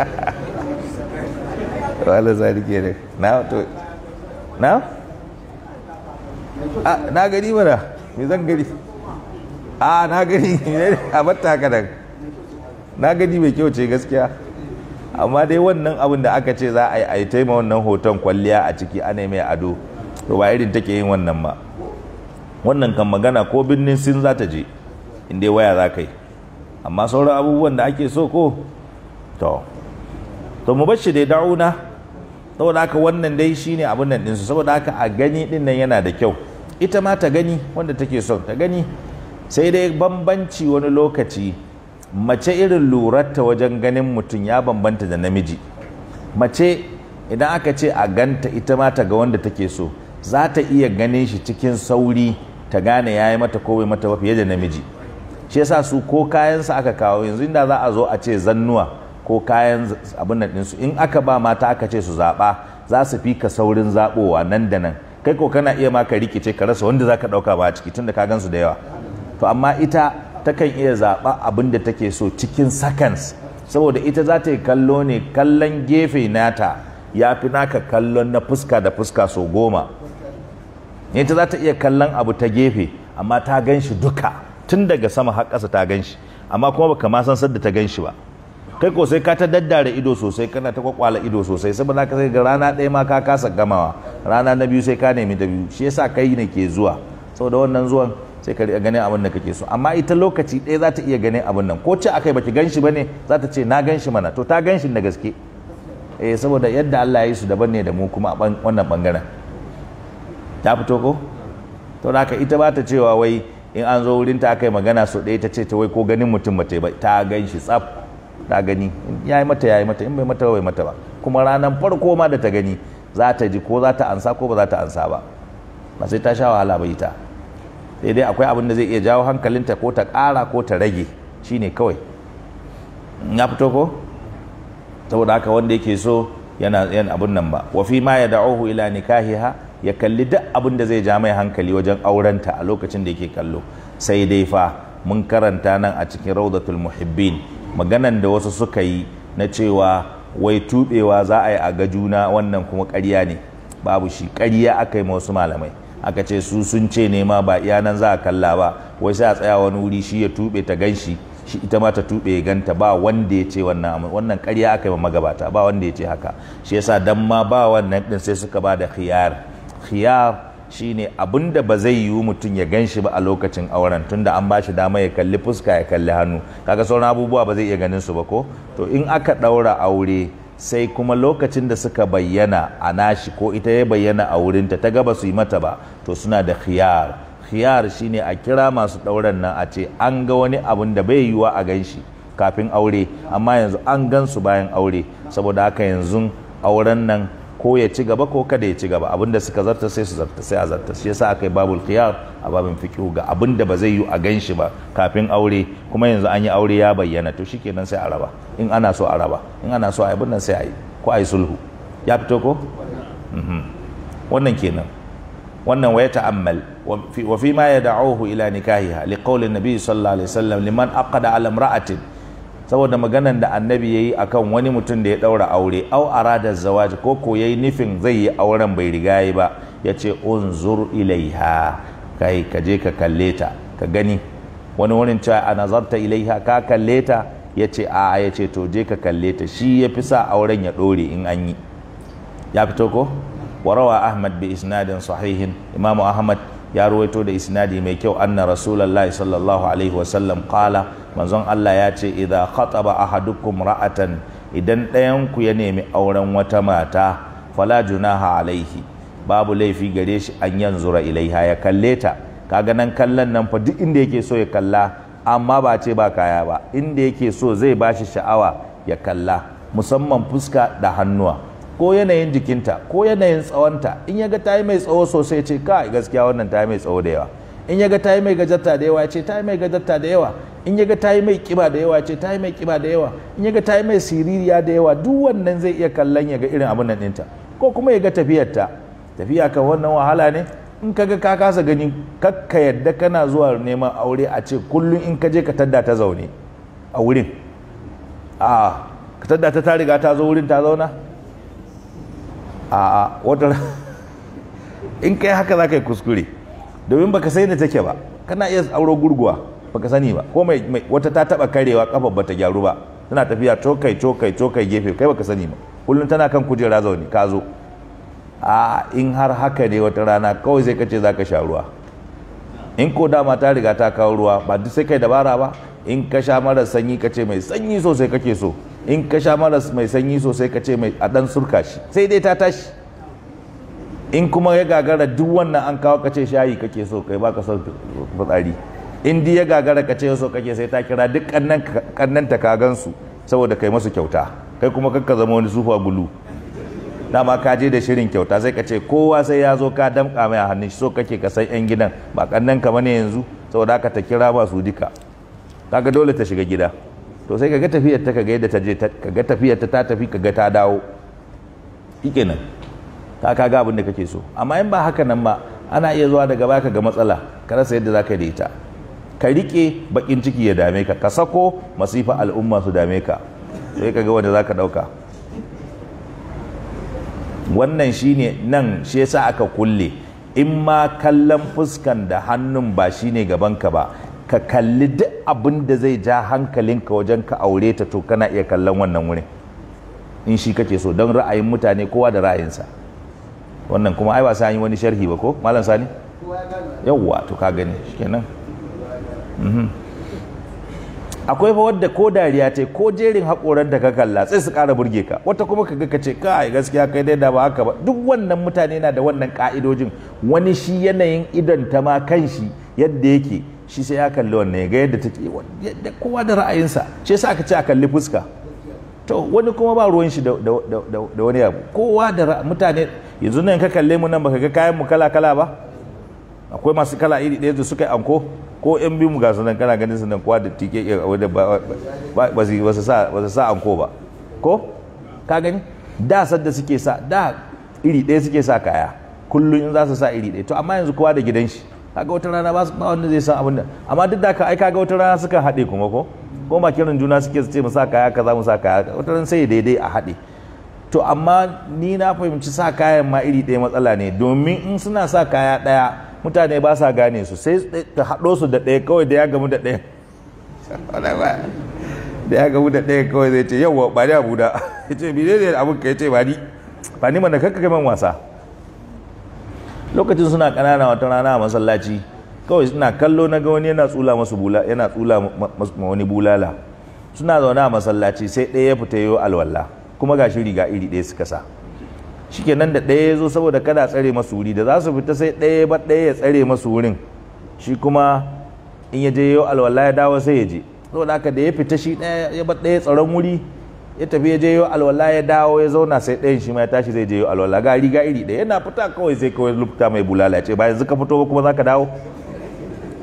wala zai rike ne na to na na gari mana me zan gari a na gari a batta ka daga na gani mai kyau ce gaskiya amma dai wannan abin da aka ce za a yi a yi taima wannan hoton kwalliya a ciki ana mai ado to ba irin take yin wannan ma wannan kan magana ko birnin sin za ta je inda waya za ka yi amma sauran abubuwan da ake so ko to to mu bashi dai da'una saboda haka wannan dai shine abin nan ɗinsu saboda haka a gani ɗin nan yana da kyau ita ma ta gani wanda take son ta gani sai dai bambanci wani lokaci mace irin lurarta wajen ganin mutum ya bambanta da namiji mace idan aka ce a ganta ita ma ta ga wanda take so za ta iya ganin shi cikin sauri ta gane ya yi mata kowai mata ba fiye da namiji shi yasa su ko kayansa aka kawo yanzu inda za a zo a ce zannuwa ko kayan abin nan ɗinsu in aka ba mata aka ce su zaɓa za su fi ka saurin zaɓowa nan da nan kai ko kana iya ma ka rikice ka rasa wanda za ka ɗauka ba a ciki tun da ka gansu da yawa to amma ita takan iya zaɓa abin da take so cikin seconds saboda ita za ta yi kallo ne kallon gefe nata ya fi naka kallon na fuska da fuska so goma ita za ta iya kallon abu ta gefe amma ta gan shi duka tun daga sama har ƙasa ta gan shi amma kuma baka ma san sadda ta gan shi ba kai ko sai ka ta daddare ido sosai kana ta kwakwala ido sosai saboda ka sai ga rana ɗaya ma ka kasa gamawa rana na biyu sai ka nemi da biyu shi yasa kai ne ke zuwa saboda wannan zuwan sai ka gane abin da kake so amma ita lokaci ɗaya za ta iya gane abin nan ko ce akai baki ganshi bane za ta ce na ganshi mana to ta ganshi da gaske eh saboda yadda Allah ya yi su daban ne da mu kuma a wannan bangaren ta fito ko to haka ita ba ta cewa wai in an zo wurin ta kai magana so ɗaya ta ce ta wai ko ganin mutum ba ta ba ta ganshi tsaf ta gani ya yi mata ya yi mata in bai mata bai mata ba kuma ranar farko ma da ta gani za ta ji ko za ta ansa ko ba za ta ansa ba ba sai ta sha wahala ba ita sai dai akwai abin da zai iya jawo hankalinta ko ta ƙara ko ta rage shine kawai ya fito ko saboda haka wanda yake so yana yan abin nan ba wa fi ma yad'uhu ila nikahiha ya kalli duk abin da zai ja mai hankali wajen aurenta a lokacin da yake kallo sai dai fa mun karanta nan a cikin raudatul muhibbin maganan da wasu suka yi na cewa wai tubewa za a yi a ga juna wannan kuma karya ne babu shi karya aka yi wasu malamai aka ce su sun ce nema ba iya nan za a kalla ba wai sai a tsaya wani wuri shi ya tuɓe ta gan shi ita ma ta tuɓe ganta ba wanda ya ce wannan wannan ƙarya aka yi magabata ba wanda ya ce haka shi yasa dan ma ba wannan ɗin sai suka ba da khiyar khiyar shine abin da ba zai yiwu mutum ya gan shi ba a lokacin auren tunda an ba shi dama ya kalli fuska ya kalli hannu kaga sauran abubuwa ba zai iya ganin su ba ko to in aka ɗaura aure sai kuma lokacin da suka bayyana a nashi ko ita ya bayyana a wurinta ta gaba su yi mata ba to suna da khiyar khiyar shine a kira masu ɗauran nan a ce an ga wani abun da bai yiwuwa a gan shi kafin aure amma yanzu an gan su bayan aure saboda haka yanzu auren nan ko ya ci gaba ko kada ya ci gaba abinda suka zarta sai su zarta sai a zarta shi yasa aka yi babul khiyar a babin fiqhu ga abinda ba zai yi a ganshi ba kafin aure kuma yanzu an yi aure ya bayyana to shikenan sai a raba in ana so a raba in ana so a yi nan sai a yi ko a yi sulhu ya fito ko mhm. wannan kenan wannan waya ta'ammal wa fi ma yad'uhu ila nikahiha liqawli nabi sallallahu alaihi wasallam liman aqada ala imra'atin saboda maganan da annabi ya yi a kan wani mutum da ya ɗaura aure au arada zawaji ko ko ya yi nufin zai yi auren bai riga yi ba ya ce unzur ilaiha kai ka je ka kalle ta ka gani wani wurin cewa a nazarta ilaiha ka kalle ta ya ce a ya ce to je ka kalle ta shi ya fi sa auren ya ɗore in an yi ya fito ko warawa ahmad bi isnadin sahihin imamu ahmad ya ruwaito da isnadi mai kyau anna rasulullahi sallallahu alaihi wasallam qala manzon Allah ya ce idza khataba ahadukum ra'atan idan ɗayan ku ya nemi auren wata mata fala junaha alaihi babu laifi gare shi an yanzura ilaiha ya kalle ta kaga nan kallon nan fa duk inda yake so ya kalla amma ba ce ba kaya ba inda yake so zai bashi sha'awa ya kalla musamman fuska da hannuwa ko yanayin jikinta ko yanayin tsawonta in ya ga ta yi mai tsawo sosai ce ka gaskiya wannan ta yi mai tsawo da yawa in ya ga ta yi mai gajarta da yawa ce ta yi mai gajarta da yawa in ya ga ta yi mai kiba da yawa ce ta yi mai kiba da yawa in ya ga ta yi mai siririya da yawa duk wannan zai iya kallon ya ga irin abin nan ɗinta ko kuma ya ga tafiyarta tafiya kan wannan wahala ne in ka ga ka kasa gani kakka yadda kana zuwa neman aure a ce kullum in ka je ka tadda ta zaune a wurin a ka tadda ta ta riga ta zo wurin ta zauna a wata in kai haka za ka yi kuskure domin baka sai da take ba kana iya auro gurguwa baka sani ba ko mai wata ta taba karewa kafa bata gyaru ba tana tafiya cokai cokai cokai gefe kai baka sani ba kullum tana kan kujera zaune ka zo a in har haka ne wata rana kawai sai kace zaka sha ruwa in ko dama ta riga ta kawo ruwa ba duk sai kai dabara ba in ka sha mara sanyi kace mai sanyi sosai kake so in ka sha mara mai sanyi sosai ka ce a dan surka shi sai dai ta tashi in kuma ya gagara duk wannan an kawo kace shayi kake so kai baka son fitsari in dai ya gagara kace so kake sai ta kira duk kannan ta kagan su saboda kai masu kyauta kai kuma kakka zama wani sufa bulu ma ka je da shirin kyauta sai ka ce kowa sai ya zo ka damƙa mai a hannun shi so kake ka san yan gidan ba kannan ka bane yanzu saboda ka ta kira ba su duka kaga dole ta shiga gida to sai kaga tafiyar ta kaga yadda ta je kaga tafiyar ta tafi kaga ta dawo nan ka kaga abin da kake so amma in ba haka nan ba ana iya zuwa daga baka ga matsala ka rasa yadda zaka da ita ka rike bakin ciki ya dame ka ka sako masifa al'umma su dame ka sai kaga wanda zaka dauka wannan shine nan shi yasa aka kulle in ma kallon fuskan da hannun ba shine gabanka ba ka kalli duk abin da zai ja hankalinka wajen ka aure ta to kana iya kallon wannan wurin in shi kake so don ra'ayin mutane kowa da ra'ayinsa wannan kuma ai ba sa yi wani sharhi ba ko malam sani yawwa to ka gani shikenan mhm. akwai fa wadda ko dariya ta ko jerin haƙoran da ka kalla sai su ƙara burge ka wata kuma ka ga ka ce kai gaskiya kai dai da ba haka ba duk wannan mutane na da wannan ka'idojin wani shi yanayin idon ta ma kan shi yadda yake shi sai ya kalli wanne ga yadda take yadda kowa da ra'ayinsa ce sa aka ce a kalli fuska to wani kuma ba ruwan shi da wani abu kowa da mutane yanzu nan ka kalle mu nan baka ga kayan mu kala kala ba akwai masu kala iri ɗaya da suka yi anko ko yan bi mu ga sanan kana ganin sanan kowa da tike eh, wanda ba su sa ba su sa anko ba ko ka gani da sadda suke sa da iri ɗaya suke sa kaya kullum in za su sa iri ɗaya to amma yanzu kowa da gidan shi kaga wata rana ba ba wanda zai san abin da amma duk da ka ai kaga wata rana suka haɗe kuma ko ko ma kiran juna suke su ce mu sa kaya kaza mu sa kaya wata rana sai daidai a haɗe to amma ni na fahimci sa kayan ma iri ɗaya matsala ne domin in suna sa kaya ɗaya mutane ba sa gane su sai ka haɗo su da ɗaya kawai da ya gamu da ɗaya da ya gamu da ɗaya kawai zai ce yawwa ba ni abu da ya ce bi ne abin ka ya ce ba ni ba ni mana kakka kai man wasa lokacin suna ƙanana wata rana a masallaci kawai suna kallo na ga wani yana tsula masu bula yana tsula ma wani bulala suna zaune a masallaci sai ɗaya ya fita yau alwala kuma ga shi riga iri ɗaya suka sa shike nan da ɗaya ya zo saboda kada tsare masu wuri da za su fita sai ɗaya ba ɗaya ya tsare masu wurin shi kuma in ya je yau alwala ya dawo sai ya je saboda haka da ya fita shi ɗaya ya ba ɗaya tsaron wuri ya tafi ya je yau alwala ya dawo ya zauna sai ɗayan shi ma ya tashi zai je yau alwala ga riga iri ɗaya yana fita kawai sai kawai lufta mai bulala ya ce ba yanzu ka fito ba kuma za ka dawo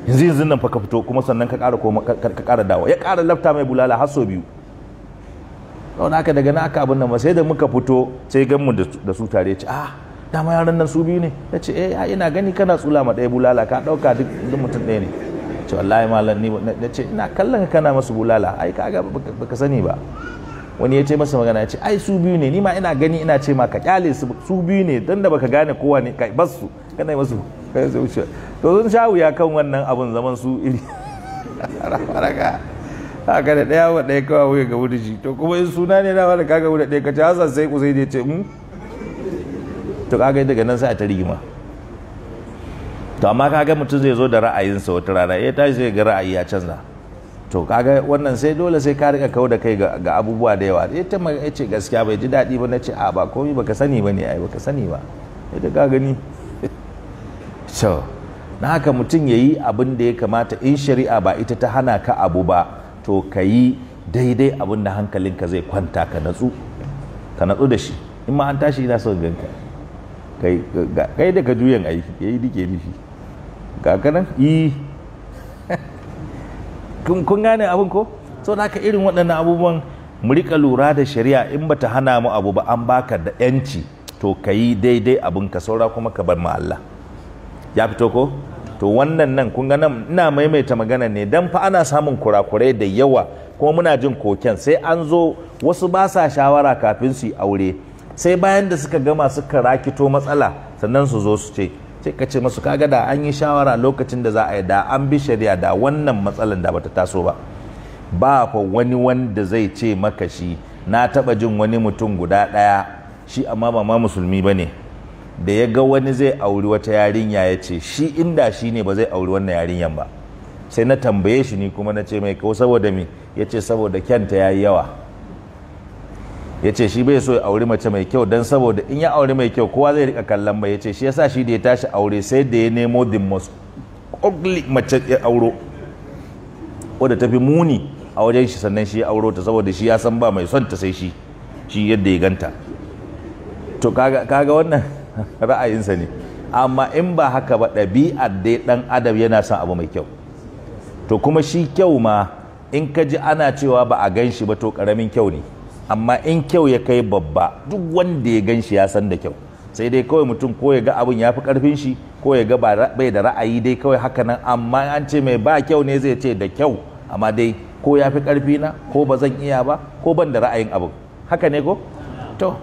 yanzu yanzu nan fa ka fito kuma sannan ka ƙara koma ka ƙara dawo ya ƙara lafta mai bulala har sau biyu don aka daga na aka abin nan sai da muka fito sai gan mu da su tare ce ah dama yaran nan su biyu ne ya ce eh ina gani kana tsula ma ɗaya bulala ka ɗauka duk mutum ɗaya ne ce wallahi malam ni na ce ina kallon kana masu bulala ai kaga baka sani ba wani ya ce masa magana ya ce ai su biyu ne ni ma ina gani ina ce ma ka kyale su su biyu ne dan da baka gane kowa ne kai bas su kana masu kai su wuce to sun sha wuya kan wannan abun zaman su iri raga haka da daya wa daya kawai wuya ga shi to kuma in suna ne na wani kaga wuri daya ka ce hasan sai kusai ya ce hmm? to kaga daga nan sai a ta rigima to amma kaga mutum zai zo da ra'ayinsa wata rana eh, ya tashi zai ga ra'ayi ya canza to kaga wannan sai dole sai ka rika kawo da kai ga abubuwa da yawa eh, ita ma ce gaskiya bai ji daɗi ba na ce a ba komai baka sani ba ne ai baka sani ba ita eh, ka gani so na haka mutum ya yi abin da ya kamata in shari'a ba ita ta hana ka abu ba to ka yi daidai abin da hankalinka zai kwanta ka natsu ka natsu da shi in ma an tashi ina son ganka kai da ka juyan aiki yayi dike nufi ga kanan yi kun gane abin ko so da haka irin waɗannan abubuwan mu rika lura da shari'a in bata hana mu abu ba an baka da yanci to ka yi daidai abin ka saura kuma ka bar ma Allah ya fito ko to wannan nan kun gane nan ina maimaita magana ne dan fa ana samun kurakurai da yawa kuma muna jin koken sai an zo wasu ba sa shawara kafin su yi aure sai bayan da suka gama suka rakito matsala sannan su zo su ce sai ka ce masu kaga da an yi shawara lokacin da za a yi da an bi shari'a da wannan matsalan da bata taso ba ba fa wani wanda zai ce maka shi na taba jin wani mutum guda ɗaya shi amma ba ma musulmi ba ne da ya ga wani zai auri wata yarinya ya ce shi inda shi ne ba zai auri wannan yarinyan ba sai na tambaye shi ni kuma na ce mai kawo saboda me ya ce saboda kyanta ya yi yawa ya ce shi bai so ya auri mace mai kyau don saboda in ya auri mai kyau kowa zai rika kallon mai ya ce shi sa shi da ya tashi aure sai da ya nemo the most ugly mace ya auro wadda ta fi muni a wajen shi sannan shi ya auro ta saboda shi ya san ba mai son ta sai shi shi yadda ya ganta to kaga wannan ra'ayinsa ne amma in ba haka ba ɗabi'ar dai ɗan adam yana son abu mai kyau to kuma shi kyau ma in ka ji ana cewa ba a gan shi ba to ƙaramin kyau ne amma in kyau ya kai babba duk wanda ya gan shi ya san da kyau sai dai kawai mutum ko ya ga abin ya fi karfin shi ko ya ga bai da ra'ayi dai kawai haka nan amma an ce mai ba kyau ne zai ce da kyau amma dai ko ya fi karfi na ko ba zan iya ba ko ban da ra'ayin abin haka ne ko to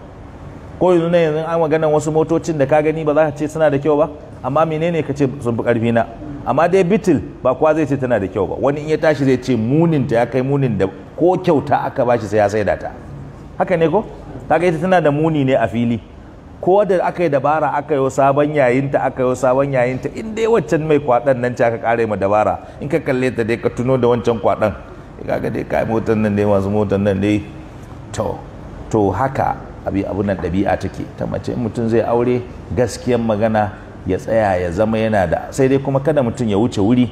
ko yanzu ne yanzu an maganan wasu motocin da ka gani ba za ka ce suna da kyau ba amma menene ka ce sun fi karfi na amma dai bitil ba kowa zai ce tana da kyau ba wani in ya tashi zai ce munin ta ya kai munin da ko kyauta aka bashi sai ya saida ta haka ne ko kaga ita tana da muni ne a fili ko da aka yi dabara aka yi sabon yayinta aka yi sabon yayinta in dai waccan mai kwaɗan nan ce kare ma dabara in ka kalle ta dai ka tuno da wancan kwaɗan eh, kaga dai kai motar nan dai masu motar nan dai to haka abi abu nan ɗabi'a take ta mace mutum zai aure gaskiyan magana ya tsaya ya zama yana da sai dai kuma kada mutum ya wuce wuri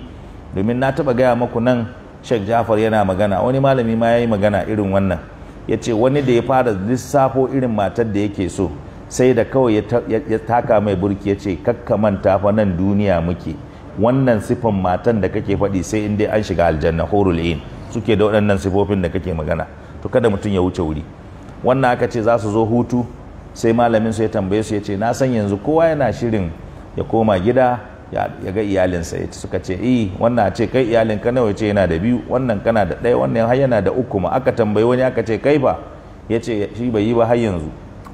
domin na taɓa gaya maku nan Sheikh Jafar yana magana wani malami ma ya yi magana irin wannan ya ce wani da ya fara lissafo irin matar da yake so sai da kawai ya taka mai burki ya ce kakkamanta fa nan duniya muke wannan sifan matan da kake faɗi sai in dai an shiga aljanna horul in suke da waɗannan sifofin da kake magana to kada mutum ya wuce wuri wannan aka ce za su zo hutu sai malamin su ya tambaye su ya ce na san yanzu kowa yana shirin ya koma gida ya ga iyalinsa ya suka ce eh wannan a ce kai iyalin ka nawa ce yana da biyu wannan kana da ɗaya wannan har yana da uku ma aka tambayi wani aka ce kai ba ya ce shi bai yi ba har yanzu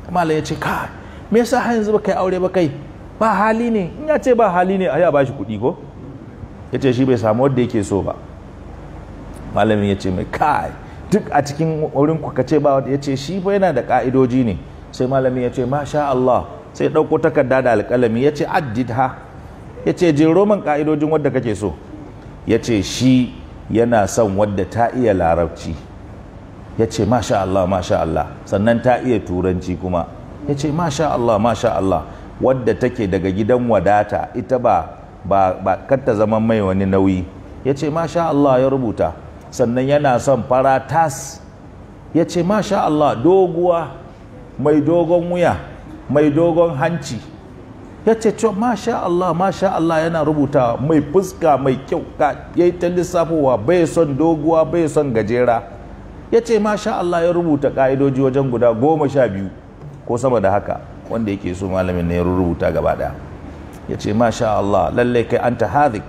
malam ya ce ka me yasa har yanzu ba kai aure ba kai ba hali ne in ya ce ba hali ne a ya bashi kuɗi ko ya ce shi bai samu wanda yake so ba malamin ya ce mai kai duk a cikin wurin ku ka ce ba wanda ya ce shi fa yana da ka'idoji ne sai malamin ya ce masha Allah sai ɗauko takarda da alƙalami ya ce addid ha ya ce jero ka'idojin wadda kake so ya ce shi yana son wadda ta iya larabci ya ce masha Allah masha Allah sannan ta iya turanci kuma ya ce masha Allah masha Allah wadda take daga gidan wadata ita ba ba katta zaman mai wani nauyi ya ce masha Allah ya rubuta sannan yana son faratas tas ya ce masha Allah doguwa mai dogon wuya mai dogon hanci ya ce cewa masha Allah masha Allah yana rubuta mai fuska mai kyau ka ya yi ta lissafowa bai son doguwa bai son gajera ya ce masha Allah ya rubuta ka'idoji wajen guda goma sha biyu ko sama da haka wanda yake so malamin ne ya rubuta gaba daya ya ce masha Allah lallai kai ta hadik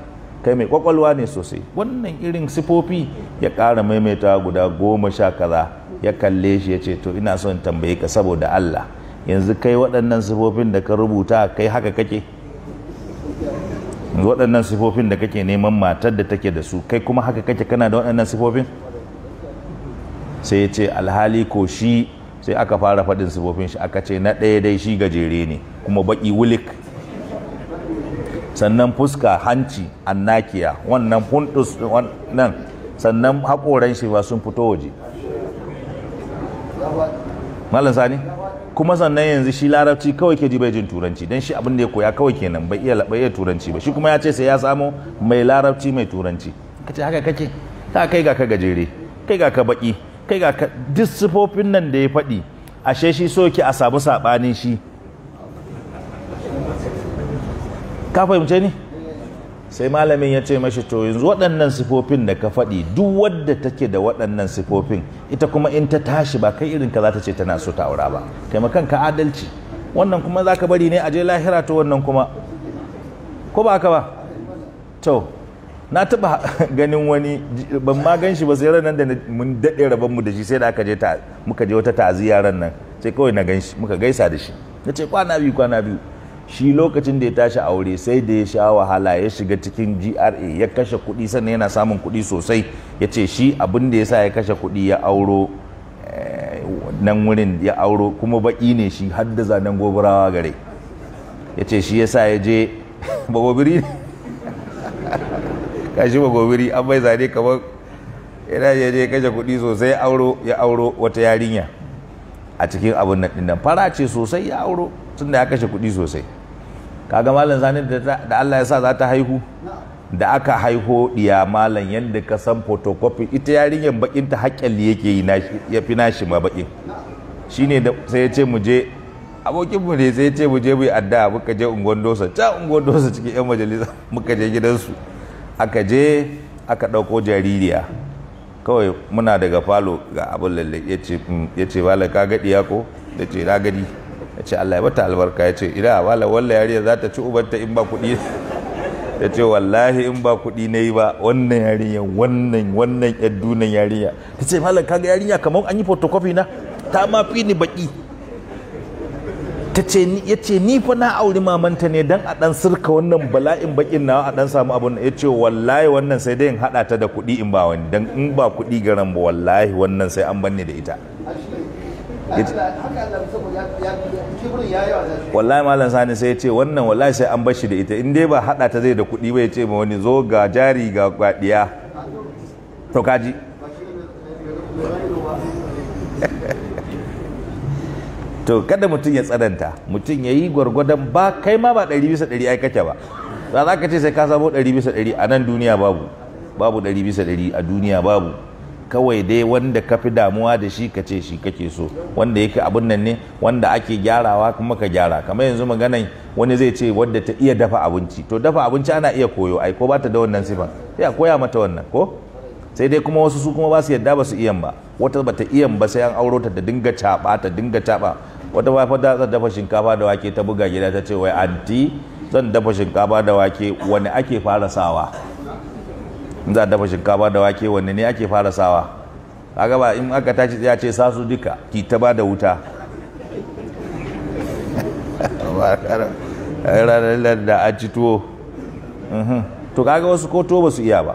kai mai kwakwalwa ne sosai wannan irin sifofi ya ƙara maimaita guda goma sha kaza ya kalle shi ya ce to ina son tambaye ka saboda Allah yanzu kai waɗannan sifofin da ka rubuta kai haka kake waɗannan sifofin da kake neman matar da take da su kai kuma haka kake kana da waɗannan sifofin sai ya ce alhali ko shi sai aka fara faɗin sifofin shi aka ce na ɗaya dai shi gajere ne kuma baƙi wulik sannan fuska hanci annakiya wannan hundus wannan sannan haƙoran shi ba sun fito waje malam sani kuma sannan yanzu shi larabci kawai ke ji bai jin turanci don shi abin da ya koya kawai kenan bai iya bai turanci ba shi kuma ya ce sai ya samu mai larabci mai turanci ce haka kake ta kai ga ka gajere kai ga ka baki kai ga ka duk nan da ya faɗi ashe shi so ki a sabu sabanin shi ka fahimce ni sai malamin ya ce mashi to yanzu waɗannan sifofin da ka faɗi duk wadda take da waɗannan sifofin ita kuma in ta tashi ba kai irin ka za ta ce tana so ta aura ba taimakon ka adalci wannan kuma za ka bari ne a je lahira to wannan kuma ko ba ka ba to na taɓa ganin wani ban ma gan shi ba sai ran nan da mun daɗe rabonmu da shi sai da aka je muka je wata ta'aziyya ran nan sai kawai na gan shi muka gaisa da shi na ce kwana biyu kwana biyu shi lokacin da ya tashi aure sai da ya sha wahala ya shiga cikin GRA ya kashe kuɗi sannan yana samun kuɗi sosai ya ce shi abin da ya sa ya kashe kuɗi ya auro eh, nan wurin ya auro kuma baƙi ne shi haddaza nan zanen goburawa gare ya ce shi ya sa ya je bagobiri ne kashi bagobiri an bai zane kamar yana ya je kashe kuɗi sosai auro ya auro wata yarinya a cikin abin nan fara ce sosai ya auro tun da ya kashe kuɗi sosai kaga malam zanin da Allah ya sa za ta haihu da aka haiho diya malam yadda ka san photocopy ita yarinyar bakin ta haƙƙalli yake yi ya fi nashi ma bakin shine da sai ya ce mu je abokin mu ne sai ya ce mu je mu yi addu'a muka je unguwar dosa ta unguwar dosa cikin yan majalisa muka je gidansu aka je aka ɗauko jaririya kawai muna daga falo ga abin lalle ya ce mm, malam ka gaɗi ya ko da ce na gadi ya ce Allah ya bata albarka ya ce ina wala walla yariya za ta ci ubanta in ba kuɗi ya ce wallahi in ba kuɗi na yi ba wannan yariya wannan wannan yaddunan yariya. ta ce malar kaga yariya kamar an yi photocopy na ta ma fi ni baki ta ce ya ce ni fa na auri mamanta ne don a dan sirka wannan bala'in bakin nawa a dan samu abun ya ce wallahi wannan sai dai in haɗa ta da kuɗi in ba wani don in ba kuɗi garan ba wallahi wannan sai an banne da ita wallahi malam sani sai ya ce wannan wallahi sai an bashi da ita in dai ba hada ta zai da kuɗi ba ya ce ma wani zo ga jari ga kwaɗiya to kaji to kada mutum ya tsananta mutum ya yi gwargwadon ba kai ma ba ɗari bisa ɗari ai kake ba za ka ce sai ka samo ɗari bisa ɗari a nan duniya babu babu ɗari bisa ɗari a duniya babu kawai dai wanda ka fi damuwa da shi ka ce shi kake so wanda yake abun nan ne wanda ake gyarawa kuma ka gyara kamar yanzu maganan wani zai ce wadda ta iya dafa abinci to dafa abinci ana iya koyo ai ko ba ta da wannan sifan ya koya mata wannan ko sai dai kuma wasu su kuma ba su yadda ba su iyan ba wata ba ta iyan ba sai an auro ta da dinga caba ta dinga caba wata ba fa za dafa shinkafa da wake ta buga gida ta ce wai anti zan dafa shinkafa da wake wani ake fara sawa za a dafa shinkafa da wake wanne ne ake fara sawa kaga ba in aka tashi ya ce sasu duka ki ta ba da wuta ranar da a ci tuwo mhm. to kaga wasu ko tuwo ba su iya ba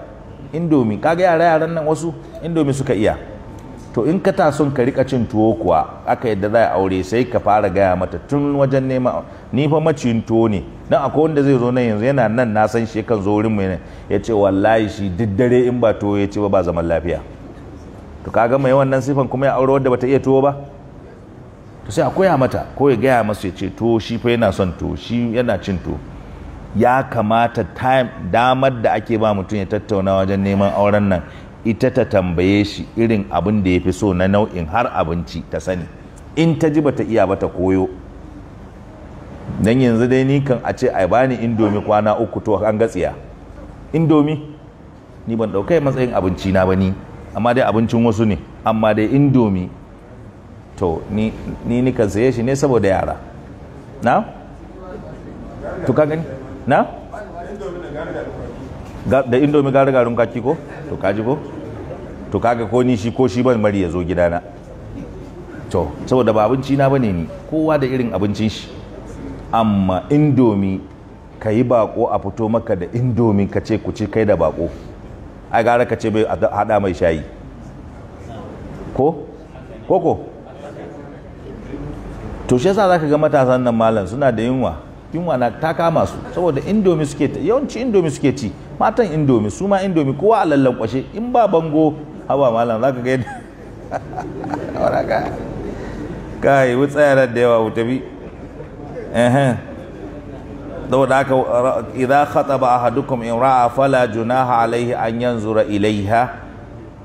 indomi kaga yara yaran nan wasu indomi suka iya to in ka ta son ka rika cin tuwo kuwa aka yadda za a aure sai ka fara gaya mata tun wajen neman ni fa macinto ne dan akwai wanda zai zo nan yanzu yana nan na san shi kan zo wurin mu ya ce wallahi shi diddare in ba to ya ce ba ba zaman lafiya to kaga mai wannan sifan kuma ya aure wanda bata iya tuwo ba to sai a koya mata ko ya gaya masa ya ce to shi fa yana son to shi yana cin to ya kamata time damar da ake ba mutum ya tattauna wajen neman auren nan ita ta tambaye shi irin abin da ya fi so na nau'in har abinci ta sani in ta ji bata iya ba ta koyo dan yanzu dai ni kan a ce a bani indomi kwana uku to an gatsiya indomi ni ban dauka matsayin abinci na bani amma dai abincin wasu ne amma dai indomi to ni ni ni kan saye shi ne saboda yara na to ka gani na da indomi gara garin kaki ko to kaji ko to kaga ko ni shi ko shi ban mari ya zo gidana to saboda ba abinci na bane ni kowa da irin abincin shi amma indomi ka yi bako a fito maka da indomi ka ce ku ci kai da bako a gara ka ce bai hada mai shayi ko koko to shi yasa zaka ga matasan nan malam suna da yunwa yunwa na ta kama su saboda indomi suke yawanci indomi suke ci matan indomi su ma indomi kowa a lallan kwashe in ba bango haba malam zaka ga yadda kai wutsayar da yawa ku tafi saboda haka idza khataba ahadukum imra'a fala junaha alayhi an yanzura ilaiha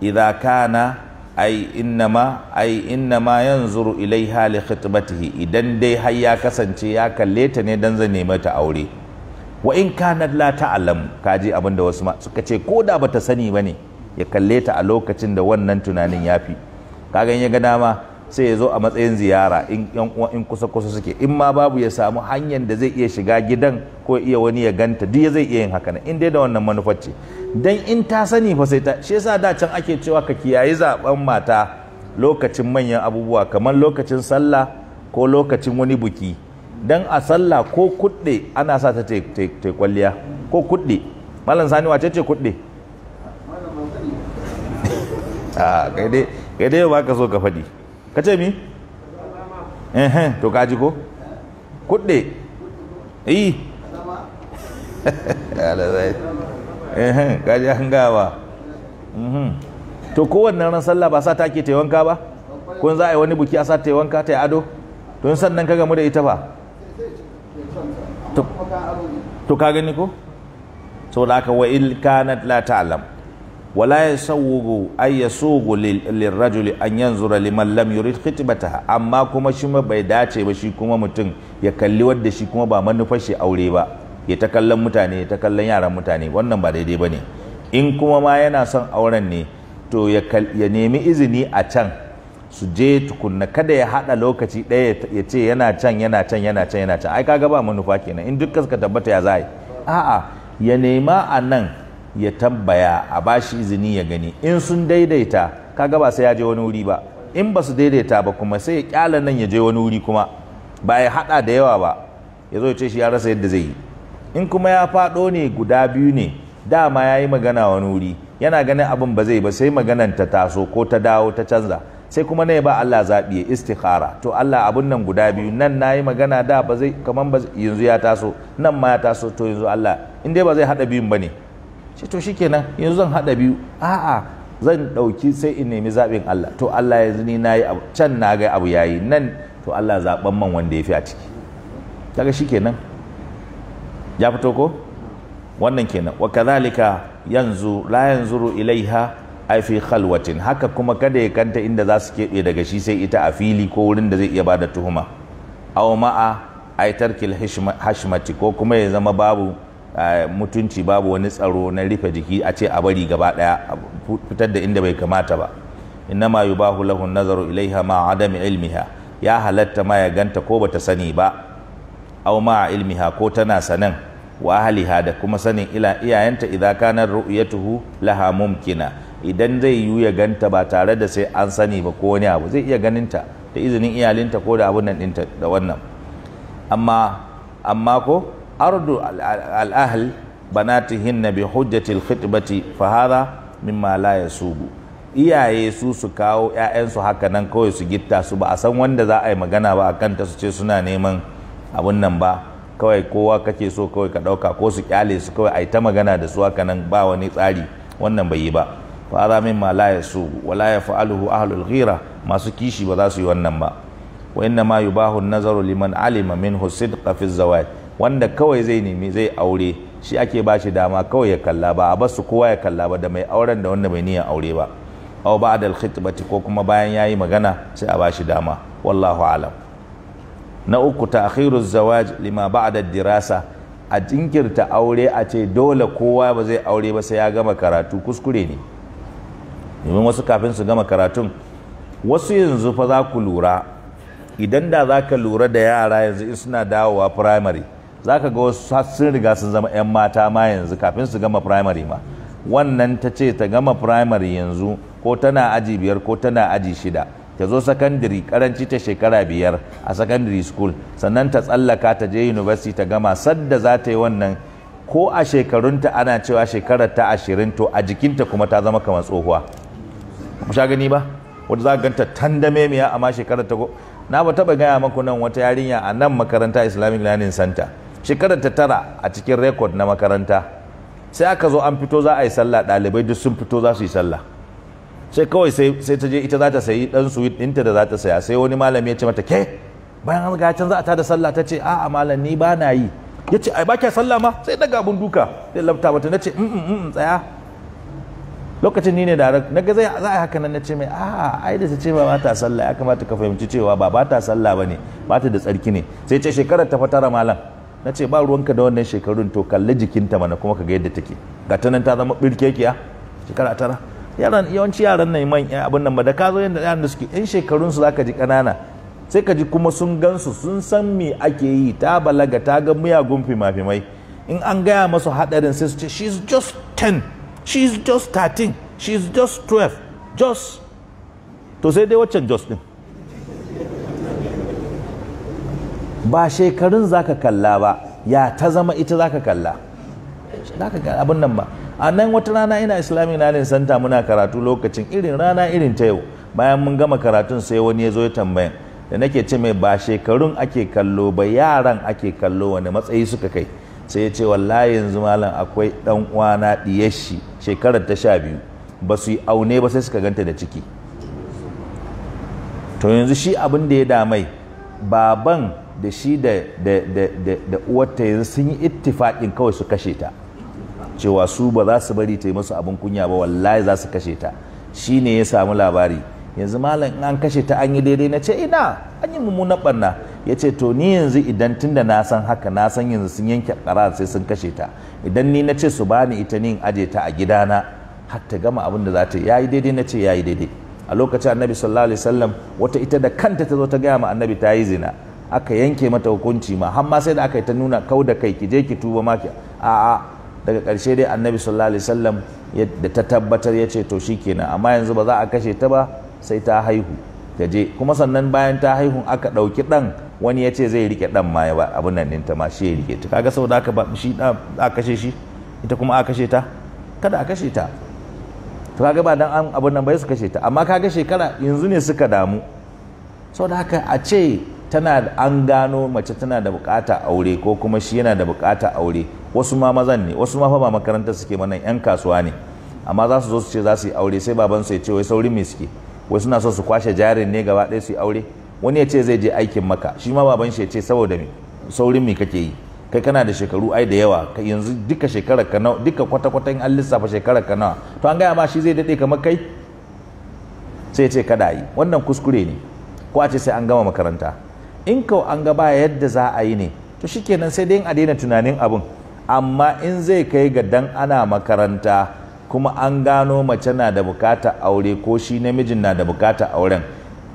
idza kana ai innama ai innama yanzuru ilaiha li khitbatihi idan dai har ya kasance ya kalle ta ne dan zan nemi ta aure wa in kana la ta'lam kaji abinda wasu wasu suka ce ko da bata sani bane ya kalle ta a lokacin da wannan tunanin yafi in ya ga dama sai ya zo a matsayin ziyara in in kusa kusa suke in ma babu ya samu hanyar da zai iya shiga gidan ko iya wani ya ganta duk ya zai iya yin haka na. in dai da wannan manufar ce dan in ta sani fa sai ta shi yasa da can ake cewa ka kiyayi zaben mata lokacin manyan abubuwa kamar lokacin sallah ko lokacin wani buki dan a sallah ko kudde ana sa ta ta ko kudde malam sani wace ce kudde a ah, kai dai ba ka so ka faɗi ka ce mi ehen to kaji ko kudde yi Ka kaji an gawa mhm. to kowanne ran sallah ba sa take ta ba kun za a yi wani buki a sa ta ta yi ado to sannan ka gamu da ita ba to ka gani ko saboda aka wa'il il kanat la ta'lam wala yasawwu ay yasugu lirrajuli an yanzura liman lam yurid khitbataha amma kuma shi ma bai dace ba shi kuma mutum ya kalli wadda shi kuma ba manufar shi aure ba ya ta kallon mutane ya ta kallon yaran mutane wannan ba daidai bane in kuma ma yana son auren ne to ya nemi izini a can su je tukunna kada ya haɗa lokaci ɗaya ya ce yana can yana can yana can yana can ai kaga ba manufa kenan in duk ka tabbata ya za a'a ya nema a nan ya tambaya a bashi izini ya gani in sun daidaita kaga ba sai ya je wani wuri ba in ba su daidaita ba kuma sai ya kyala nan ya je wani wuri kuma ba ya hada da yawa ba ya zo ya ce shi ya rasa yadda zai yi in kuma ya fado ne guda biyu ne dama ya yi magana wani wuri yana ganin abin ba zai ba sai maganan ta taso ko ta dawo ta canza sai kuma ne ba Allah zaɓi ya istikhara to Allah abun nan guda biyu nan na yi magana da ba zai kaman ba yanzu ya taso nan ma ya taso to yanzu Allah in dai ba zai haɗa biyun ba ne ce to shikenan yanzu zan hada biyu a'a zan dauki sai in nemi zaɓin Allah to Allah yanzu ni nayi abu can na ga abu yayi nan to Allah zaɓan man wanda ya fi a ciki daga shikenan ya fito ko wannan kenan wa kadhalika yanzu la yanzuru ilaiha ai fi khalwatin haka kuma kada ya kanta inda za su keɓe daga shi sai ita a fili ko wurin da zai iya bada tuhuma aw ma'a ai tarkil hashmati ko kuma ya zama babu mutunci babu wani tsaro na rufe jiki a ce a bari gaba daya fitar da inda bai kamata ba innama yubahu lahu nazaru ilaiha ma adami ilmiha ya halatta ma ya ganta ko bata sani ba aw ma ilmiha ko tana sanin wa ahliha da kuma sanin ila iyayenta idza kana ru'yatuhu laha mumkina idan zai yiwu ya ganta ba tare da sai an sani ba ko wani abu zai iya ganinta da izinin iyalinta ko da abun nan dinta da wannan amma ko ardu al'ahl banatihinna bi hujjatil khitbati fa hadha mimma la yasubu iyaye su su kawo ‘ya'yansu haka nan kawai su gitta su ba a san wanda za a yi magana ba a kanta su ce suna neman abun nan ba kawai kowa kake so kawai ka ɗauka ko su kyale su kawai a yi ta magana da su haka nan ba wani tsari wannan bai yi ba fa hada min la yasu wala ya ahlul ghira masu kishi ba za su yi wannan ba wa inna ma yubahu nazaru liman alima minhu sidqa fi zawaj wanda kawai zai nemi zai aure shi ake ba shi dama kawai ya kalla ba a basu kowa ya kalla ba da mai auren da wanda bai niyan aure ba aw ba'da al-khitbati ko kuma bayan yayi magana sai a bashi dama wallahu alam na uku ta'khiru zawaj lima ba'da dirasa a jinkirta aure a ce dole kowa ba zai aure ba sai ya gama karatu kuskure ne domin wasu kafin su gama karatun wasu yanzu fa za ku lura idan da za ka lura da yara yanzu in suna dawowa firamare. za ka ga wasu sun riga sun zama 'yan mata ma yanzu kafin su gama primary ma wannan ta ce ta gama primary yanzu ko tana aji biyar ko tana aji shida ta zo secondary karanci ta shekara biyar a secondary school sannan ta tsallaka ta je university ta gama sadda za ta yi wannan ko a shekarunta ana cewa shekarar ta ashirin to a jikinta kuma ta zama kamar tsohuwa ku sha gani ba wata za ganta amma shekarar ta na ba taba gaya maku nan wata yarinya a nan makaranta islamic learning center shekarar ta tara a cikin rekod na makaranta sai aka zo an fito za a yi sallah ɗalibai duk sun fito za su yi sallah sai kawai sai ta je ita za ta sayi ɗan suwit ɗinta da za ta saya sai wani malami ya ce mata ke bayan an ga za a tada sallah ta ce a'a malam ni ba na yi ya ce ai ba kya sallah ma sai daga abun duka sai lafta mata na ce mm, mm, mm, tsaya lokacin ni ne da na ga zai za a haka nan na ce mai a ai da ta ce ba ta sallah ya kamata ka fahimci cewa ba ba ta sallah ba ne ba ta da tsarki ne sai ce shekarar ta fatara malam na ce ba ruwanka da wannan shekarun to kalli jikinta mana kuma ka ga yadda take ga ta nan ta zama birkekiya shekara tara yaran yawanci yaran nan man abin nan ba da ka zo yadda yaran da suke yan shekarun su zaka ji kanana sai ka ji kuma sun gansu sun san me ake yi ta balaga ta ga miyagun fimafimai in an gaya masu hadarin sai su ce she's just 10 she's just 13 she's just 12 just to sai dai waccan just din ba shekarun zaka kalla ba ya ta zama ita zaka kalla zaka ga abin nan ba a nan wata rana ina islamic nan santa muna karatu lokacin irin rana irin ta yau bayan mun gama karatun sai wani ya zo ya tambaya da nake ce mai ba shekarun ake kallo ba yaran ake kallo wani matsayi suka kai sai ya ce wallahi yanzu malam akwai dan uwana diyar shi shekarar ta sha biyu ba su yi aune ba sai suka ganta da ciki to yanzu shi abin da ya damai baban da shi da uwarta yanzu sun yi ittifaƙin kawai su kashe ta cewa su ba za su bari ta yi masu abin kunya ba wallahi za su kashe ta shi ne ya samu labari yanzu malam in an kashe ta an yi daidai na ce ina an yi mummunan barna ya ce to ni yanzu idan tun da na san haka na san yanzu sun yanke ƙarar sai sun kashe ta idan ni na ce su bani ita ni in aje ta a gidana har ta gama abin da za ta yi ya yi daidai na ce ya yi daidai a lokacin annabi sallallahu alaihi wasallam wata ita da kanta ta zo ta gaya ma annabi ta yi zina aka yanke mata hukunci ma har ma sai da aka yi ta nuna kau da kai ki je ki tuba ma ki a'a daga ƙarshe dai annabi sallallahu alaihi wasallam da ta tabbatar ya ce to shikenan amma yanzu ba za a kashe ta ba sai ta haihu ta je kuma sannan bayan ta haihu aka ɗauki ɗan wani ya ce zai rike ɗan ma ya ba abin nan ɗinta ma shi ya rike ta kaga saboda aka ba shi a kashe shi ita kuma a kashe ta kada a kashe ta to kaga ba dan an abin nan ya su kashe ta amma kaga shekara yanzu ne suka damu saboda haka a ce tana an gano mace tana da bukata aure ko kuma shi yana da bukata aure wasu ma mazan ne wasu ma fa ba makarantar suke ba nan yan kasuwa ne amma za su zo su ce za su yi aure sai baban su ya ce wai saurin me suke wai suna so su kwashe jarin ne gaba ɗaya su yi aure wani ya ce zai je aikin maka shi ma baban shi ya ce saboda me saurin me kake yi kai kana da shekaru ai da yawa kai yanzu duka shekarar ka nawa duka kwata kwata in an lissafa shekarar ka nawa to an gaya ma shi zai dade kamar kai sai ya ce kada yi wannan kuskure ne ko a ce sai an gama makaranta in kau an ga yadda za a yi ne to shi shikenan sai dai a daina tunanin abin amma in zai kai ga dan ana makaranta kuma an gano mace na da bukata aure ko shi namijin na da bukata auren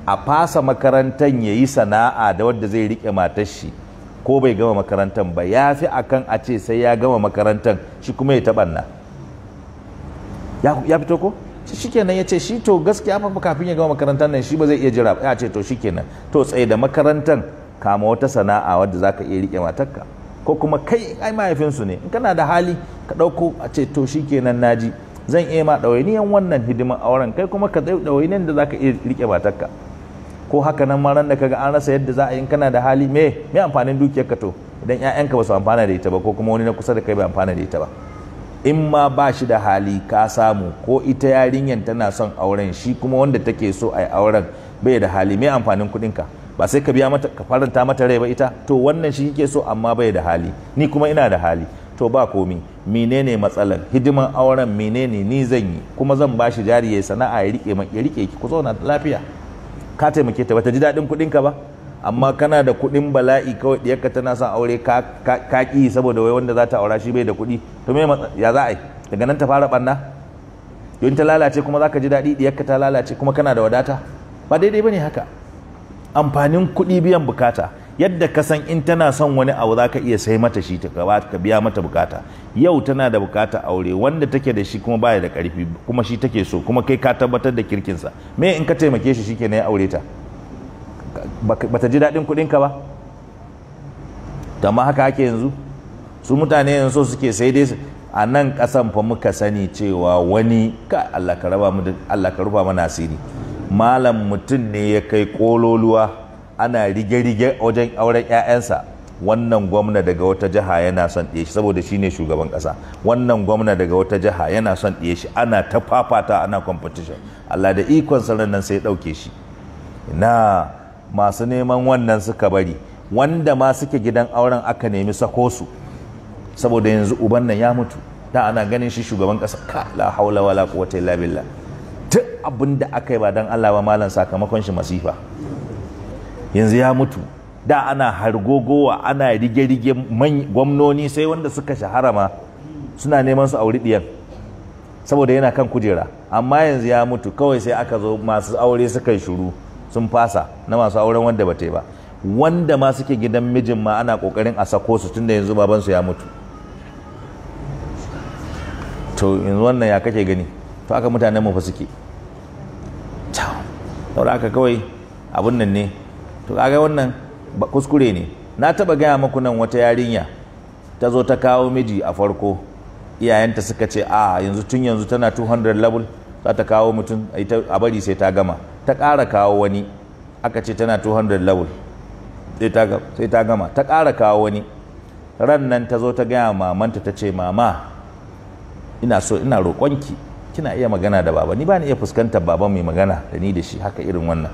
a fasa makarantar ya yi sana'a da wadda zai rike matar shi ko bai gama makarantar ba ya fi a kan a ce sai ya gama makarantar shi kuma ya na ya fito ko? shikenan ya ce shi to gaskiya fa kafin ya gama makarantar nan shi ba zai iya jira ya ce to shikenan to tsaye da makarantar kama wata sana'a wadda zaka iya rike matarka ko kuma kai ai mahaifinsu ne in kana da hali ka ɗauko a ce to shikenan naji zan iya ma ɗawainiyan wannan hidiman auren kai kuma ka tsaye ɗawainiyan da zaka iya rike matarka ko haka nan ma ran da kaga an rasa yadda za a yi kana da hali me me amfanin dukiyarka to idan 'ya'yanka ba su amfana da ita ba ko kuma wani na kusa da kai bai amfana da ita ba in ma ba shi da hali ka samu ko ita yarinyar tana son auren shi kuma wanda take so a auren bai da hali mai amfanin kuɗinka ba sai ka biya mata ka faranta mata rai ba ita to wannan shi yake so amma bai da hali ni kuma ina da hali to ba komi menene matsalar hidiman auren menene ni zan yi kuma zan ba shi jari ya sana'a ya rike ya rike ki ku zauna lafiya ka taimake ta bata ji daɗin kuɗinka ba amma kana da kuɗin bala'i kawai ɗiyarka tana son aure ka ƙi saboda wai wanda za ta aura shi bai da kuɗi to me ya za a yi daga nan ta fara ɓanna don ta lalace kuma za ka ji daɗi ɗiyarka ta lalace kuma kana da wadata ba daidai ba ne haka amfanin kuɗi biyan bukata yadda ka san in tana son wani abu za ka iya sai mata shi ta gaba ka biya mata bukata yau tana da bukata aure wanda take da shi kuma baya da ƙarfi kuma shi take so kuma kai ka tabbatar da kirkinsa me in ka taimake shi shi ne ya aure ta bata ji daɗin kuɗinka ba amma haka ake yanzu su mutane yanzu so suke sai dai a nan ƙasan fa muka sani cewa wani ka Allah ka rufa mana asiri malam mutum ne ya kai kololuwa ana rige-rige wajen auren 'ya'yansa wannan gwamna daga wata jiha yana son ɗiye shi saboda shi ne shugaban ƙasa wannan gwamna daga wata jiha yana son ɗiye shi ana ta fafata ana competition Allah da ikon sararin nan sai ɗauke shi na masu neman wannan suka bari wanda ma suke gidan auren aka nemi sakosu saboda yanzu uban nan ya mutu da ana ganin shi shugaban kasa ka la haula wala quwwata illa billah duk abin da aka yi ba dan Allah ba malam sakamakon shi masifa yanzu ya mutu da ana hargogowa ana rige-rige gwamnoni sai wanda suka shahara ma suna neman su auri diyan saboda yana kan kujera amma yanzu ya mutu kawai sai aka zo masu aure suka yi shuru sun fasa na masu auren wanda ba ba wanda ma suke gidan mijin ma ana kokarin a sako su tunda yanzu babansu ya mutu to yanzu wannan ya kake gani to aka mutanen mu fa suke saboda aka kawai abun nan ne to kaga wannan kuskure ne na taba gaya maku nan wata yarinya ta zo ta kawo miji a farko iyayenta suka ce a yanzu tun yanzu tana 200 level za ta kawo mutum a bari sai ta gama ta ƙara kawo wani aka ce tana 200 level sai ta gama ta ƙara kawo wani ran nan ta zo ta gaya mamanta ta ce mama ina so ina roƙonki kina iya magana da baba ni ba ni iya fuskantar baba mai magana da ni da shi haka irin wannan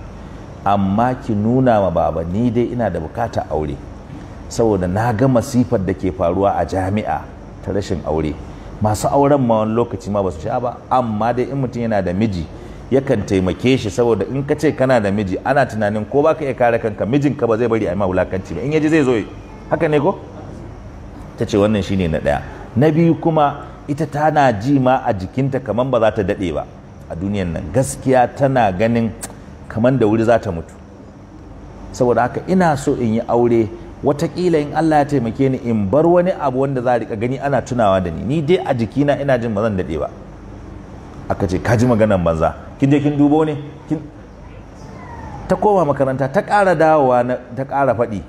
amma ki nuna ma baba ni dai ina da bukata aure saboda na ga masifar da ke faruwa a jami'a ta rashin aure masu auren ma wani lokaci ma ba su sha ba amma dai in mutum yana da miji yakan taimake shi saboda in ka ce kana da miji ana tunanin ko ba ka iya kare kanka mijinka ba zai bari a yi ma wulakanci ba in yaji zai zo haka ne ko ta ce wannan shine na ɗaya na biyu kuma ita tana ji ma a jikinta kamar ba za ta daɗe ba a duniyan nan gaskiya tana ganin kamar da wuri za ta mutu saboda haka ina so in yi aure watakila in Allah ya taimake ni in bar wani abu wanda za a rika gani ana tunawa da ni ni dai a jikina ina jin ba dade ba aka ce kaji maganan banza kin je kin dubo ne ta koma makaranta ta ƙara dawowa ta ƙara faɗi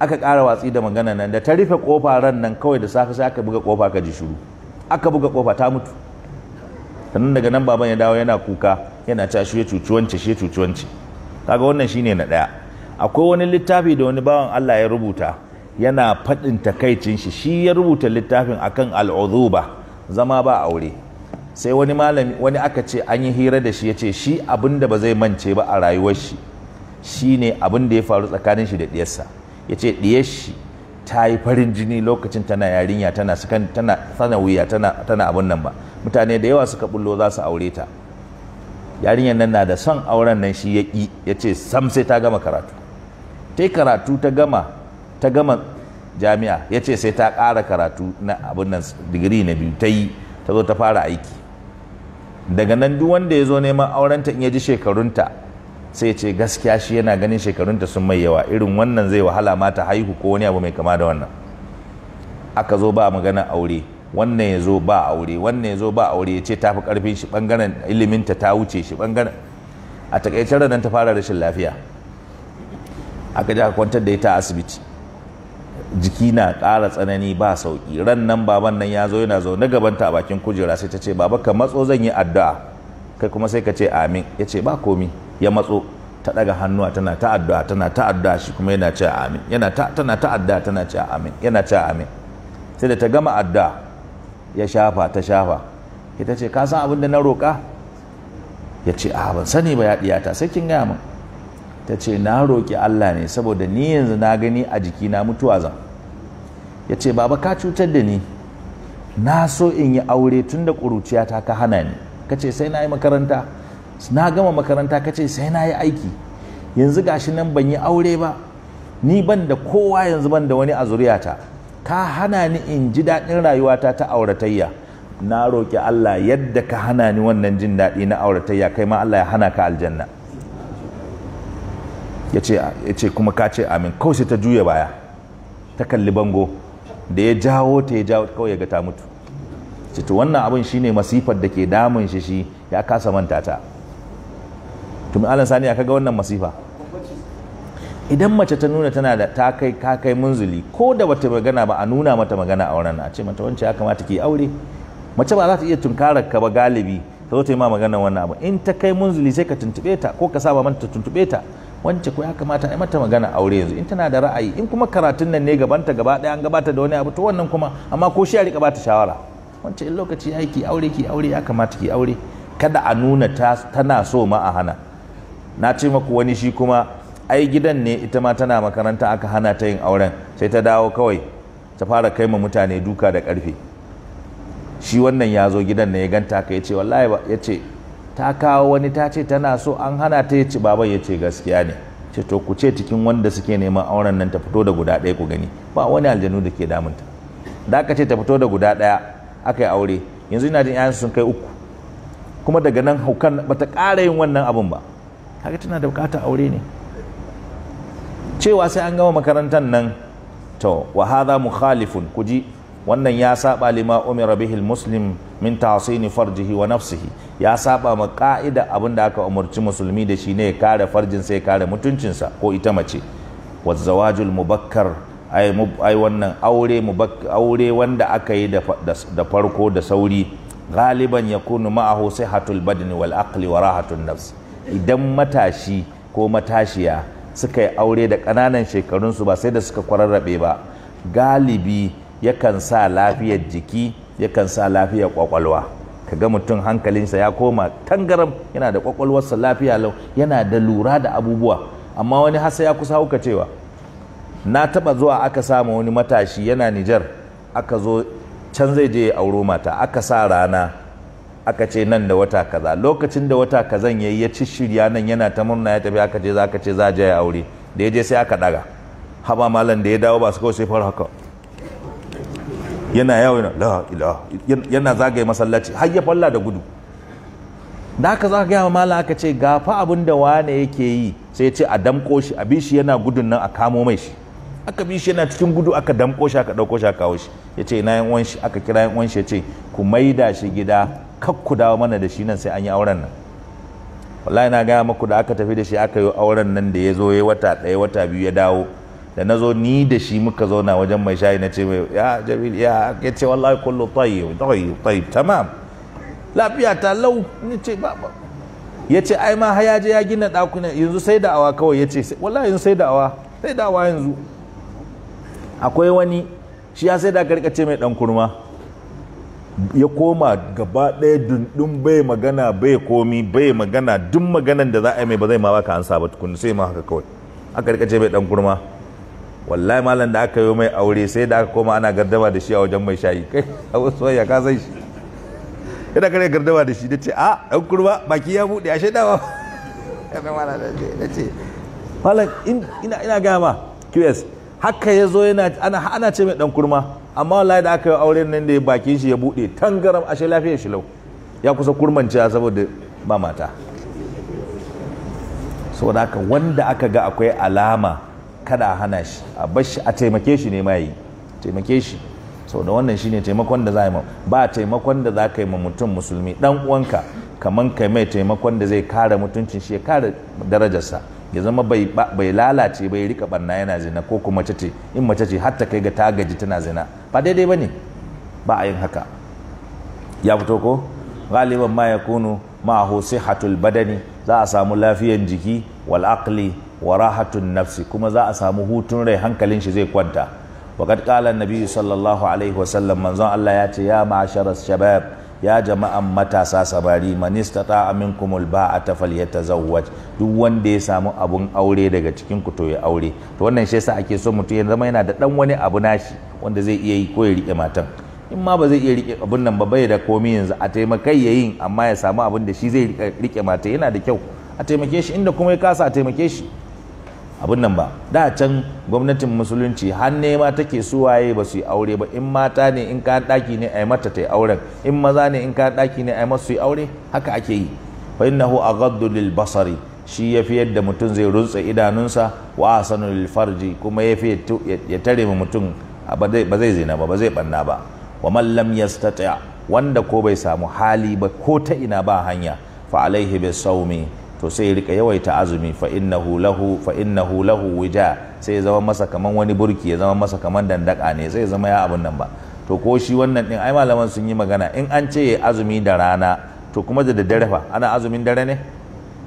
aka ƙara watsi da magana nan da ta rufe kofa ran nan kawai da safe sai aka buga kofa ka ji shiru aka buga ƙofa ta mutu sannan daga nan baban ya dawo yana kuka yana ta shi cuci shi ya cuci kaga wannan shine na daya akwai wani littafi da wani bawan Allah ya rubuta yana faɗin takaicin shi shi ya rubuta littafin akan al'uzuba zama ba aure sai wani malami wani aka ce an yi hira da shi ya ce shi abin da ba zai mance ba a rayuwar shi shi ne abin da ya faru tsakanin shi da ɗiyarsa ya ce ɗiyar shi ta yi farin jini lokacin tana yarinya tana sukan tana tana wuya tana tana abin nan ba mutane da yawa suka bullo za su aure ta yarinyar nan na da son auren nan shi ya ƙi ya ce sam sai ta gama karatu ta karatu ta gama ta gama jami'a ya ce sai ta kara karatu na abin nan digiri na biyu ta yi ta zo ta fara aiki daga nan duk wanda ya zo neman aurenta in ya ji shekarunta sai ce gaskiya shi yana ganin shekarunta sun mai yawa irin wannan zai wahala mata haihu ko wani abu mai kama da wannan aka zo ba magana aure wannan ya zo ba aure wannan ya zo ba aure ya ce tafi karfin shi bangaren iliminta ta wuce shi bangaren a takaicen ranar ta fara rashin lafiya aka ji aka kwantar da ita a asibiti jiki na ƙara tsanani ba sauƙi ran nan baban nan ya zo yana zaune gabanta a bakin kujera sai ta ce baba ka matso zan yi addu'a kai kuma sai ka ce amin ya ce ba komi ya matso ta ɗaga hannuwa tana ta addu'a tana ta addu'a shi kuma yana ce amin yana ta tana ta addu'a tana ce amin yana ce amin sai da ta gama addu'a ya shafa ta shafa ita ce ka san abin da na roƙa ya ce a ban sani ba ya ɗiyata sai kin gaya min ta ce na roƙi Allah ne saboda ni yanzu na gani a jikina mutuwa zan ya ce baba ka cutar da ni na so in yi aure tun da ƙuruciyata ka hana ni ka ce sai na yi makaranta na gama makaranta ka ce sai na yi aiki yanzu gashi nan ban yi aure ba ni ban da kowa yanzu ban da wani a zuriyata ka hana ni in ji daɗin rayuwata ta auratayya na roƙi Allah yadda ka hana ni wannan jin daɗi na auratayya kai ma Allah ya hana ka aljanna ya ce kuma ka ce amin kawai sai ta juya baya ta kalli bango da ya jawo ta ya jawo kawai ya ga ta mutu ce to wannan abin shine masifar da ke damun shi shi ya kasa manta ta tumi alan sani ya kaga wannan masifa idan mace ta nuna tana da ta kai ka kai munzuli ko da bata magana ba a nuna mata magana a wannan a ce mata wancan ya kamata ki aure mace ba za ta iya tunkarar ka ba galibi ta zo ta yi ma magana wannan abu in ta kai munzuli sai ka tuntube ta ko ka saba mata tuntube ta wance ko ya kamata a mata magana aure yanzu in tana da ra'ayi in kuma karatun nan ne gabanta gaba ɗaya an gabata da wani abu to wannan kuma amma ko shi ya rika bata shawara wance in lokaci ya ki aure ki aure ya kamata ki aure kada a nuna tana so ma a hana na ce maku wani shi kuma ai gidan ne ita ma tana makaranta aka hana ta yin auren sai ta dawo kawai ta fara kai ma mutane duka da karfe shi wannan ya zo gidan ne ya ganta ka ya ce wallahi ya ce ta kawo wani ta ce tana so an hana ta ya ci baban ya ce gaskiya ne ce to ku ce cikin wanda suke neman auren nan ta fito da guda ɗaya ku gani ba wani aljanu da ke damunta da aka ce ta fito da guda ɗaya aka yi aure yanzu ina jin 'ya'yansu sun kai uku kuma daga nan haukan bata ƙara yin wannan abun ba haka tana da bukatar aure ne cewa sai an gama makarantar nan to wa hadha mukhalifun kuji wannan ya saba lima umira bihi muslim min tahsini farjihi wa nafsihi ya saba ma ka'ida abin da aka umarci musulmi da shi ne ya kare farjin sai kare mutuncinsa ko ita mace wa zawajul mubakkar ai wannan aure wanda aka yi da farko da sauri galiban yakunu ma'ahu sihatul badni wal aqli wa rahatun nafs idan matashi ko matashiya suka yi aure da kananan shekarunsu ba sai da suka kwararrabe ba galibi yakan sa lafiyar jiki yakan sa lafiyar kwakwalwa kaga mutum hankalinsa ya koma tangaram yana da kwakwalwarsa lafiya lau yana da lura da abubuwa amma wani hasa ya kusa hauka cewa na taba zuwa aka samu wani matashi yana Nijar aka zo can zai je auro mata aka sa rana aka ce nan da wata kaza lokacin da wata kazan yayi ya ci shirya nan yana ta murna ya tafi aka ce za ka ce za je aure da ya je sai aka daga haba malam da ya dawo ba su kawai sai fara haka yana yawo yana la ila yana zagaye masallaci har ya falla da gudu da haka za ka gaya mala aka ce gafa fa abin da wane yake yi sai ya ce a damko shi a bishi yana gudun nan a kamo mai shi aka bishi yana cikin gudu aka damko shi aka dauko shi aka kawo shi ya ce ina yan shi aka kira yan shi ya ce ku maida shi gida kak ku dawo mana da shi nan sai an yi auren nan wallahi na gaya maku da aka tafi da shi aka yi auren nan da ya zo ya wata ɗaya wata biyu ya dawo da na zo ni da shi muka zauna wajen mai shayi na ce mai ya jabil ya ya ce wallahi kullu tayyib tayyib tayyib tamam lafiya ta lau ni ce ba ya ce ai ma haya ya gina ɗakuna yanzu sai da awa kawai ya ce wallahi yanzu sai da awa sai da awa yanzu akwai wani shi ya sai da ce mai dan kurma ya koma gaba ɗaya dundun bai magana bai komi bai magana duk maganan da za a yi mai ba zai ma baka ansa ba tukun sai ma haka kawai aka rikace mai dan kurma wallahi malam da aka yi mai aure sai da aka koma ana gardama da shi a wajen mai shayi kai abu soyayya ka san shi yana kare gardama da shi da ce a ah, ɗan kurba baki ya buɗe a shaidawa da ce malam ina ina gaya ma qs haka ya zo yana ana ce mai ɗan kurma amma wallahi da aka yi auren nan da bakin shi ya buɗe tangaram ashe lafiyar shi lau ya kusa kurmanciya saboda ba mata saboda haka wanda aka ga akwai alama kada a hana shi a bashi a taimake shi ne ma yi taimake shi sau da wannan shine taimakon da za yi ba taimakon da za ka yi ma mutum musulmi dan uwanka kamar kai mai taimakon da zai kare mutuncin shi ya kare darajarsa ya zama bai lalace bai rika barna yana zina ko kuma mace ce in mace ce har ta kai ga ta gaji tana zina ba daidai bane ba a yin haka ya fito ko galiban ma kunu ma hu sihhatul badani za a samu lafiyan jiki wal wa rahatun nafsi kuma za a samu hutun rai hankalin shi zai kwanta waqad qala an-nabi sallallahu alaihi wasallam manzon Allah ya ce ya ma'ashara shabab ya jama'an matasa sabari man istata'a minkum alba'ata falyatazawwaj duk wanda ya samu abun aure daga cikin ku aure to wannan shi yasa ake so mutum ya zama yana da dan wani abu nashi wanda zai iya yi ko ya rike matan in ma ba zai iya rike abun nan ba bai da komai yanzu a taimakai yayin amma ya samu abun da shi zai rike mata yana da kyau a taimake shi inda kuma ya kasa a taimake shi abun nan ba da can gwamnatin musulunci har nema take suwaye ba su yi aure ba in mata ne in ka daki ne ai mata ta yi auren in maza ne in ka daki ne ai masu yi aure haka ake yi fa innahu aghaddu lil basari shi ya fi yadda mutum zai rutsa idanunsa wa asanu lil farji kuma ya fi ya tare mu mutum ba zai zina ba ba zai banna ba wa man lam yastati wanda ko bai samu hali ba ko ta ina ba hanya fa alaihi bisawmi to sai ya rika yawaita azumi fa innahu lahu fa innahu lahu wija sai ya zama masa kaman wani burki ya zama masa kaman dandaka ne sai ya zama ya abun nan ba to ko shi wannan din ai malaman sun yi magana in an ce ya azumi da rana to kuma da daddare fa ana azumin dare ne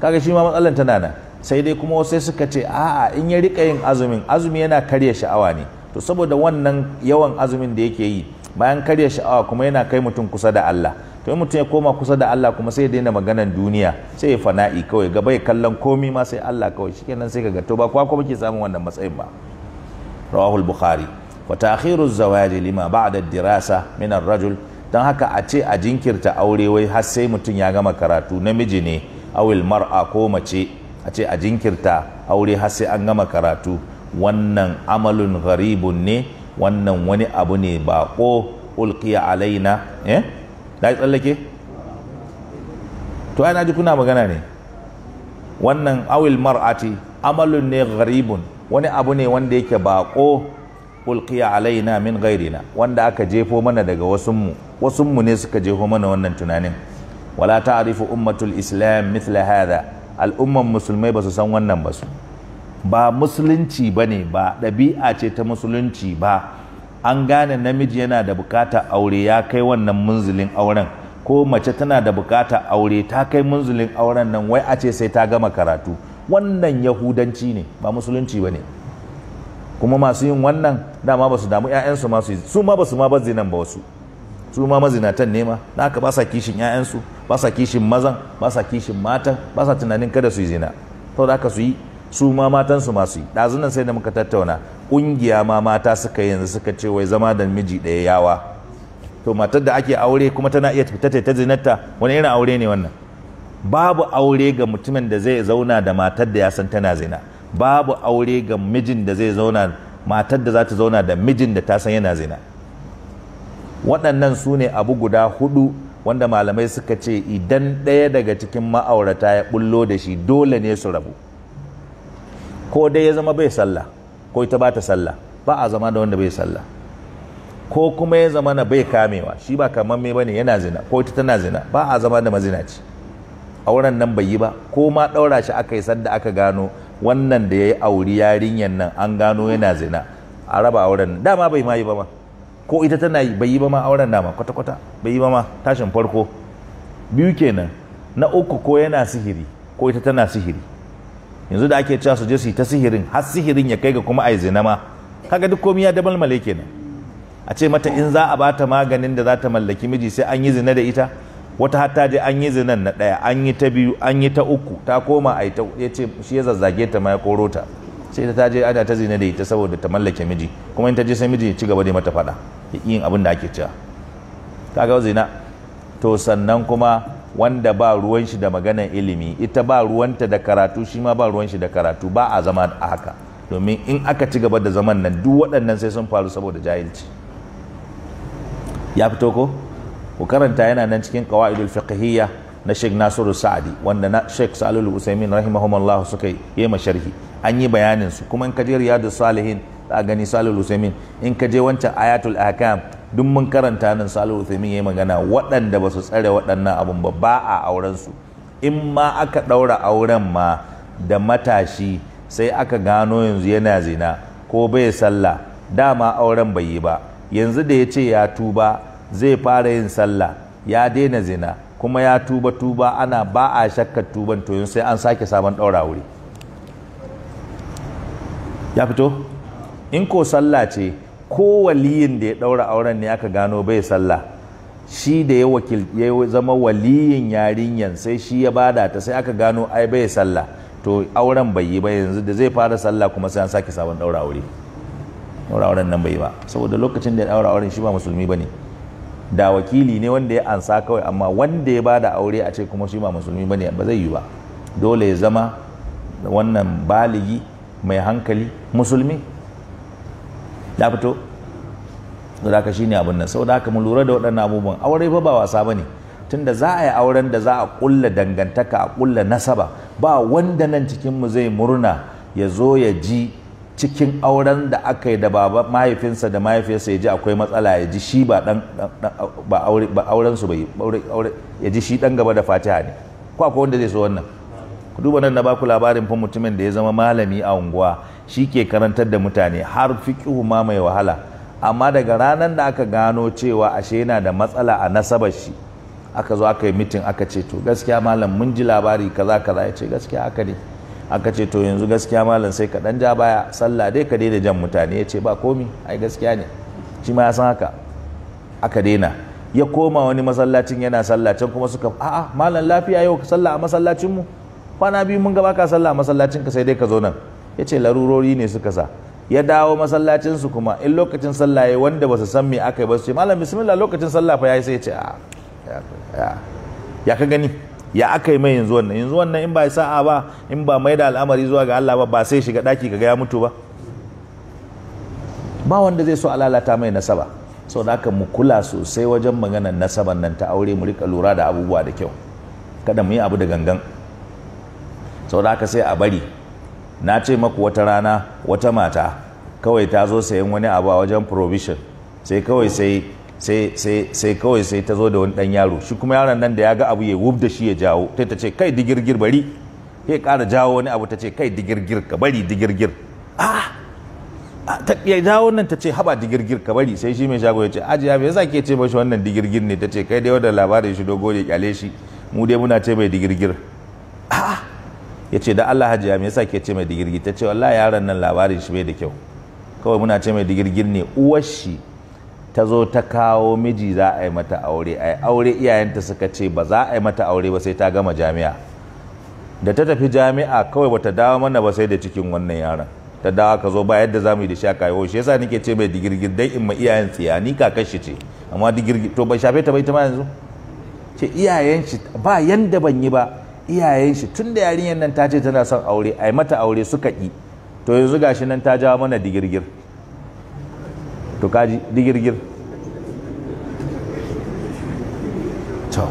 kaga shi ma matsalan tana nan sai dai kuma sai suka ce a'a in ya rika yin azumin azumi yana karya sha'awa ne to saboda wannan yawan azumin da yake yi bayan karya sha'awa kuma yana kai mutum kusa da Allah to mutum ya koma kusa da Allah kuma sai ya daina maganan duniya sai ya fana'i kawai gaba ya kallon komi ma sai Allah kawai kenan sai ka to ba kwa kuma ke samun wannan matsayin ba rawahul bukhari wa ta'khiru zawaji lima ba'da dirasa min ar-rajul dan haka a ce a jinkirta aure wai har sai mutum ya gama karatu namiji ne awil mar'a ko mace a ce a jinkirta aure har sai an gama karatu wannan amalun gharibun ne wannan wani abu ne baƙo ulqiya alaina eh na ya tsallake to ai na ji kuna magana ne wannan awil mar'ati amalun ne gharibun wani abu ne wanda yake bako ulqiya alaina min gairina wanda aka jefo mana daga wasunmu wasunmu ne suka jefo mana wannan tunanin wala ta'rifu ummatul islam mithla hadha al'umman musulmai basu san wannan ba su ba musulunci bane ba ɗabi'a ce ta musulunci ba an gane namiji yana da bukata aure ya kai wannan munzulin auren ko mace tana da bukata aure ta kai munzulin auren nan wai a ce sai ta gama karatu wannan yahudanci ne ba musulunci ba ne kuma masu yin wannan dama ba su damu 'ya'yansu masu yi su ma ba su ma ba zinan ba wasu su ma mazinatan ne ma na aka ba sa kishin 'ya'yansu ba sa kishin mazan ba sa kishin matan ba sa tunanin kada su yi zina saboda haka su yi su ma matansu masu yi ɗazunan sai da muka tattauna ƙungiya ma mata suka yanzu suka ce wai zama da miji ɗaya yawa to matar da ake aure kuma tana iya fita ta zinarta wani irin aure ne wannan babu aure ga mutumin da zai zauna da matar da ya san tana zina babu aure ga mijin da zai zauna matar da za ta zauna da mijin da ta san yana zina waɗannan su ne abu guda hudu wanda malamai suka ce idan ɗaya daga cikin ma'aurata ya bullo da shi dole ne su rabu ko dai ya zama bai sallah ko ita ba ta sallah ba a zama da wanda bai sallah ko kuma ya zama na bai kamewa shi ba kamar mai bane yana zina ko ita tana zina ba a zama da mazinaci auren nan bai yi ba ko ma ɗaura shi aka yi sanda aka gano wannan da ya yi auri yarinyar nan an gano yana zina a raba auren nan dama bai ma yi ba ma ko ita tana yi bai yi ba ma auren dama kwata-kwata bai yi ba ma tashin farko biyu kenan na uku ko yana sihiri ko ita tana sihiri yanzu da ake cewa su je su yi ta sihirin har sihirin ya kai ga kuma ai zina ma kaga duk komai ya dabal male kenan a ce mata in za a bata maganin da za ta mallaki miji sai an yi zina da ita wata hatta je an yi zinan na daya an yi ta biyu an yi ta uku ta koma a ta ya ce shi ya zazzage ta ma ya koro ta sai ta je ana ta zina da ita saboda ta mallake miji kuma in ta je sai miji ya ci gaba da mata faɗa yin abin da ake cewa kaga zina to sannan kuma wanda ba ruwan shi da maganar ilimi ita ba ruwanta da karatu shi ma ba ruwan shi da karatu ba a zama a haka domin in aka ci gaba da zaman nan duk waɗannan sai sun faru saboda jahilci ya fito ko ku karanta yana nan cikin qawaidul fiqhiyya na Sheikh Nasiru Sa'adi wanda na Sheikh Salulu Usaimin rahimahumullah suka yi ma sharhi an yi bayanin su kuma in ka je Riyadus Salihin za a gani Salulu Usaimin in ka je wancan Ayatul Ahkam duk mun karanta nan Salihu Uthaymin yayi magana waɗanda ba su tsare waɗannan abun ba ba a auren su in ma aka ɗaura auren ma da matashi sai aka gano yanzu yana zina ko bai sallah dama auren bai yi ba yanzu da ya ce ya tuba zai fara yin sallah ya daina zina kuma ya tuba tuba ana ba a shakka tuban to sai an sake sabon ɗaura wuri ya fito in ko sallah ce ko waliyin da ya ɗaura auren ne aka gano bai sallah shi da ya wakil ya zama waliyin yarinyan sai shi ya bada ta sai aka gano ai bai sallah to auren bai yi ba yanzu da zai fara sallah kuma sai an sake sabon ɗaura aure ɗaura auren nan bai ba saboda lokacin da ya ɗaura auren shi ba musulmi ba ne da wakili ne wanda ya ansa kawai amma wanda ya bada aure a ce kuma shi ba musulmi ba ne ba zai yi ba dole ya zama wannan baligi mai hankali musulmi ya fito da haka shine abin nan saboda haka mu lura da waɗannan abubuwan aure fa ba wasa bane tunda za a yi auren da za a kulla dangantaka a kulla nasaba ba wanda nan cikin mu zai murna ya zo ya ji cikin auren da aka yi da baba mahaifinsa da mahaifiyarsa ya ji akwai matsala ya ji shi ba dan auren su bai ya ji shi dan gaba da Fatiha ne ko akwai wanda zai so wannan ku duba nan na baku labarin fa mutumin da ya zama malami a unguwa shi ke karantar da mutane har fiƙihu ma mai wahala amma daga ranar da aka gano cewa ashe yana da matsala a nasabar shi aka zo aka yi mitin aka ce to gaskiya malam mun ji labari kaza kaza ya ce gaskiya aka ne aka ce to yanzu gaskiya malam sai ka dan ja baya sallah dai ka daina jan mutane ya ce ba komi ai gaskiya ne shi ma ya san haka aka daina ya koma wani masallacin yana sallah can kuma suka a'a malam lafiya yau sallah a masallacin mu kwana biyu mun gaba ka sallah a masallacin ka sai dai ka zo nan ya ce larurori ne suka sa ya dawo masallacinsu kuma in lokacin sallah ya wanda ba su san me aka yi ba su ce malam bismillah lokacin sallah fa ya yi sai ya ce ah, a ya ka gani ya aka yi mai yanzu wannan yanzu wannan in ba ya sa'a ba in ba mai da al'amari zuwa ga Allah ba ba sai shiga daki kaga ya mutu ba ba wanda zai so alalata mai nasaba sau da aka mu kula sosai wajen maganar nasaban nan ta aure mu rika lura da abubuwa da kyau kada mu yi abu da gangan sau da aka sai a bari na ce maku wata rana wata mata kawai ta zo sayan wani abu a wajen provision sai kawai sai sai sai sai kawai sai ta zo da wani dan yaro shi kuma yaron nan da ya ga abu ya wub da shi ya jawo sai ta ce kai digirgir bari sai ƙara jawo wani abu ta ce kai digirgir ka bari digirgir ah, ah ta ya jawo nan ta ce haba digirgir ka bari sai shi mai shago ya ce ajiya ya yasa ke ce mashi wannan digirgir ne ta ce kai dai wadda labarin shi dogo ne kyale shi mu dai muna ce mai digirgir ah ya ce da Allah hajji ya yasa ke ce mai digirgi ta ce wallahi yaron nan labarin shi bai da kyau kawai muna ce mai digirgin ne uwar shi ta zo ta kawo miji za a yi mata aure a aure iyayenta suka ce ba za a yi mata aure ba sai ta gama jami'a da ta tafi jami'a kawai bata dawo mana ba sai da cikin wannan yaran ta dawo ka zo ba yadda za mu yi da shi aka yi shi yasa nake ce mai digirgin dai in ma iyayen tsiyani ni kakar shi ce amma digirgin to ban shafe ta bai ta ma yanzu ce iyayen shi ba yanda ban yi ba iyayen shi tun da yarinyar nan ta ce tana son aure ai mata aure suka ƙi to yanzu gashi nan ta jawo mana digirgir to kaji digirgir to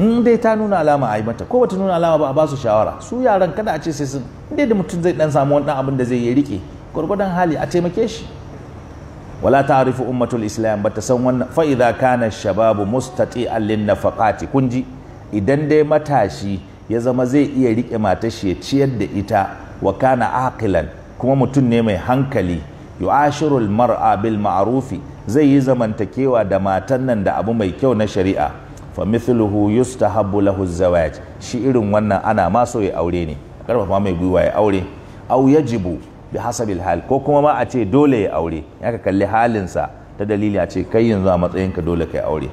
in dai ta nuna alama a yi mata ko wata nuna alama ba a basu shawara su yaran kada a ce sai sun dai da mutum zai dan samu wani abin da zai yi rike gwargwadon hali a taimake shi wala ta ta'rifu ummatul islam bata san wannan fa idza kana shababu mustati'an lin kunji idan dai matashi ya zama zai iya rike matashi ya ciyar da ita wa kana aqilan kuma mutum ne mai hankali yu'ashirul mar'a bil ma'arufi zai yi zamantakewa da matan nan da abu mai kyau na shari'a fa mithluhu yustahabbu lahu zawaj shi irin wannan ana ma so ya aure ne karfafa mai gwiwa ya aure au yajibu bi hasabil hal ko kuma ma a ce dole ya aure ya ka kalli halinsa ta dalili a ce kai yanzu a matsayin ka dole kai aure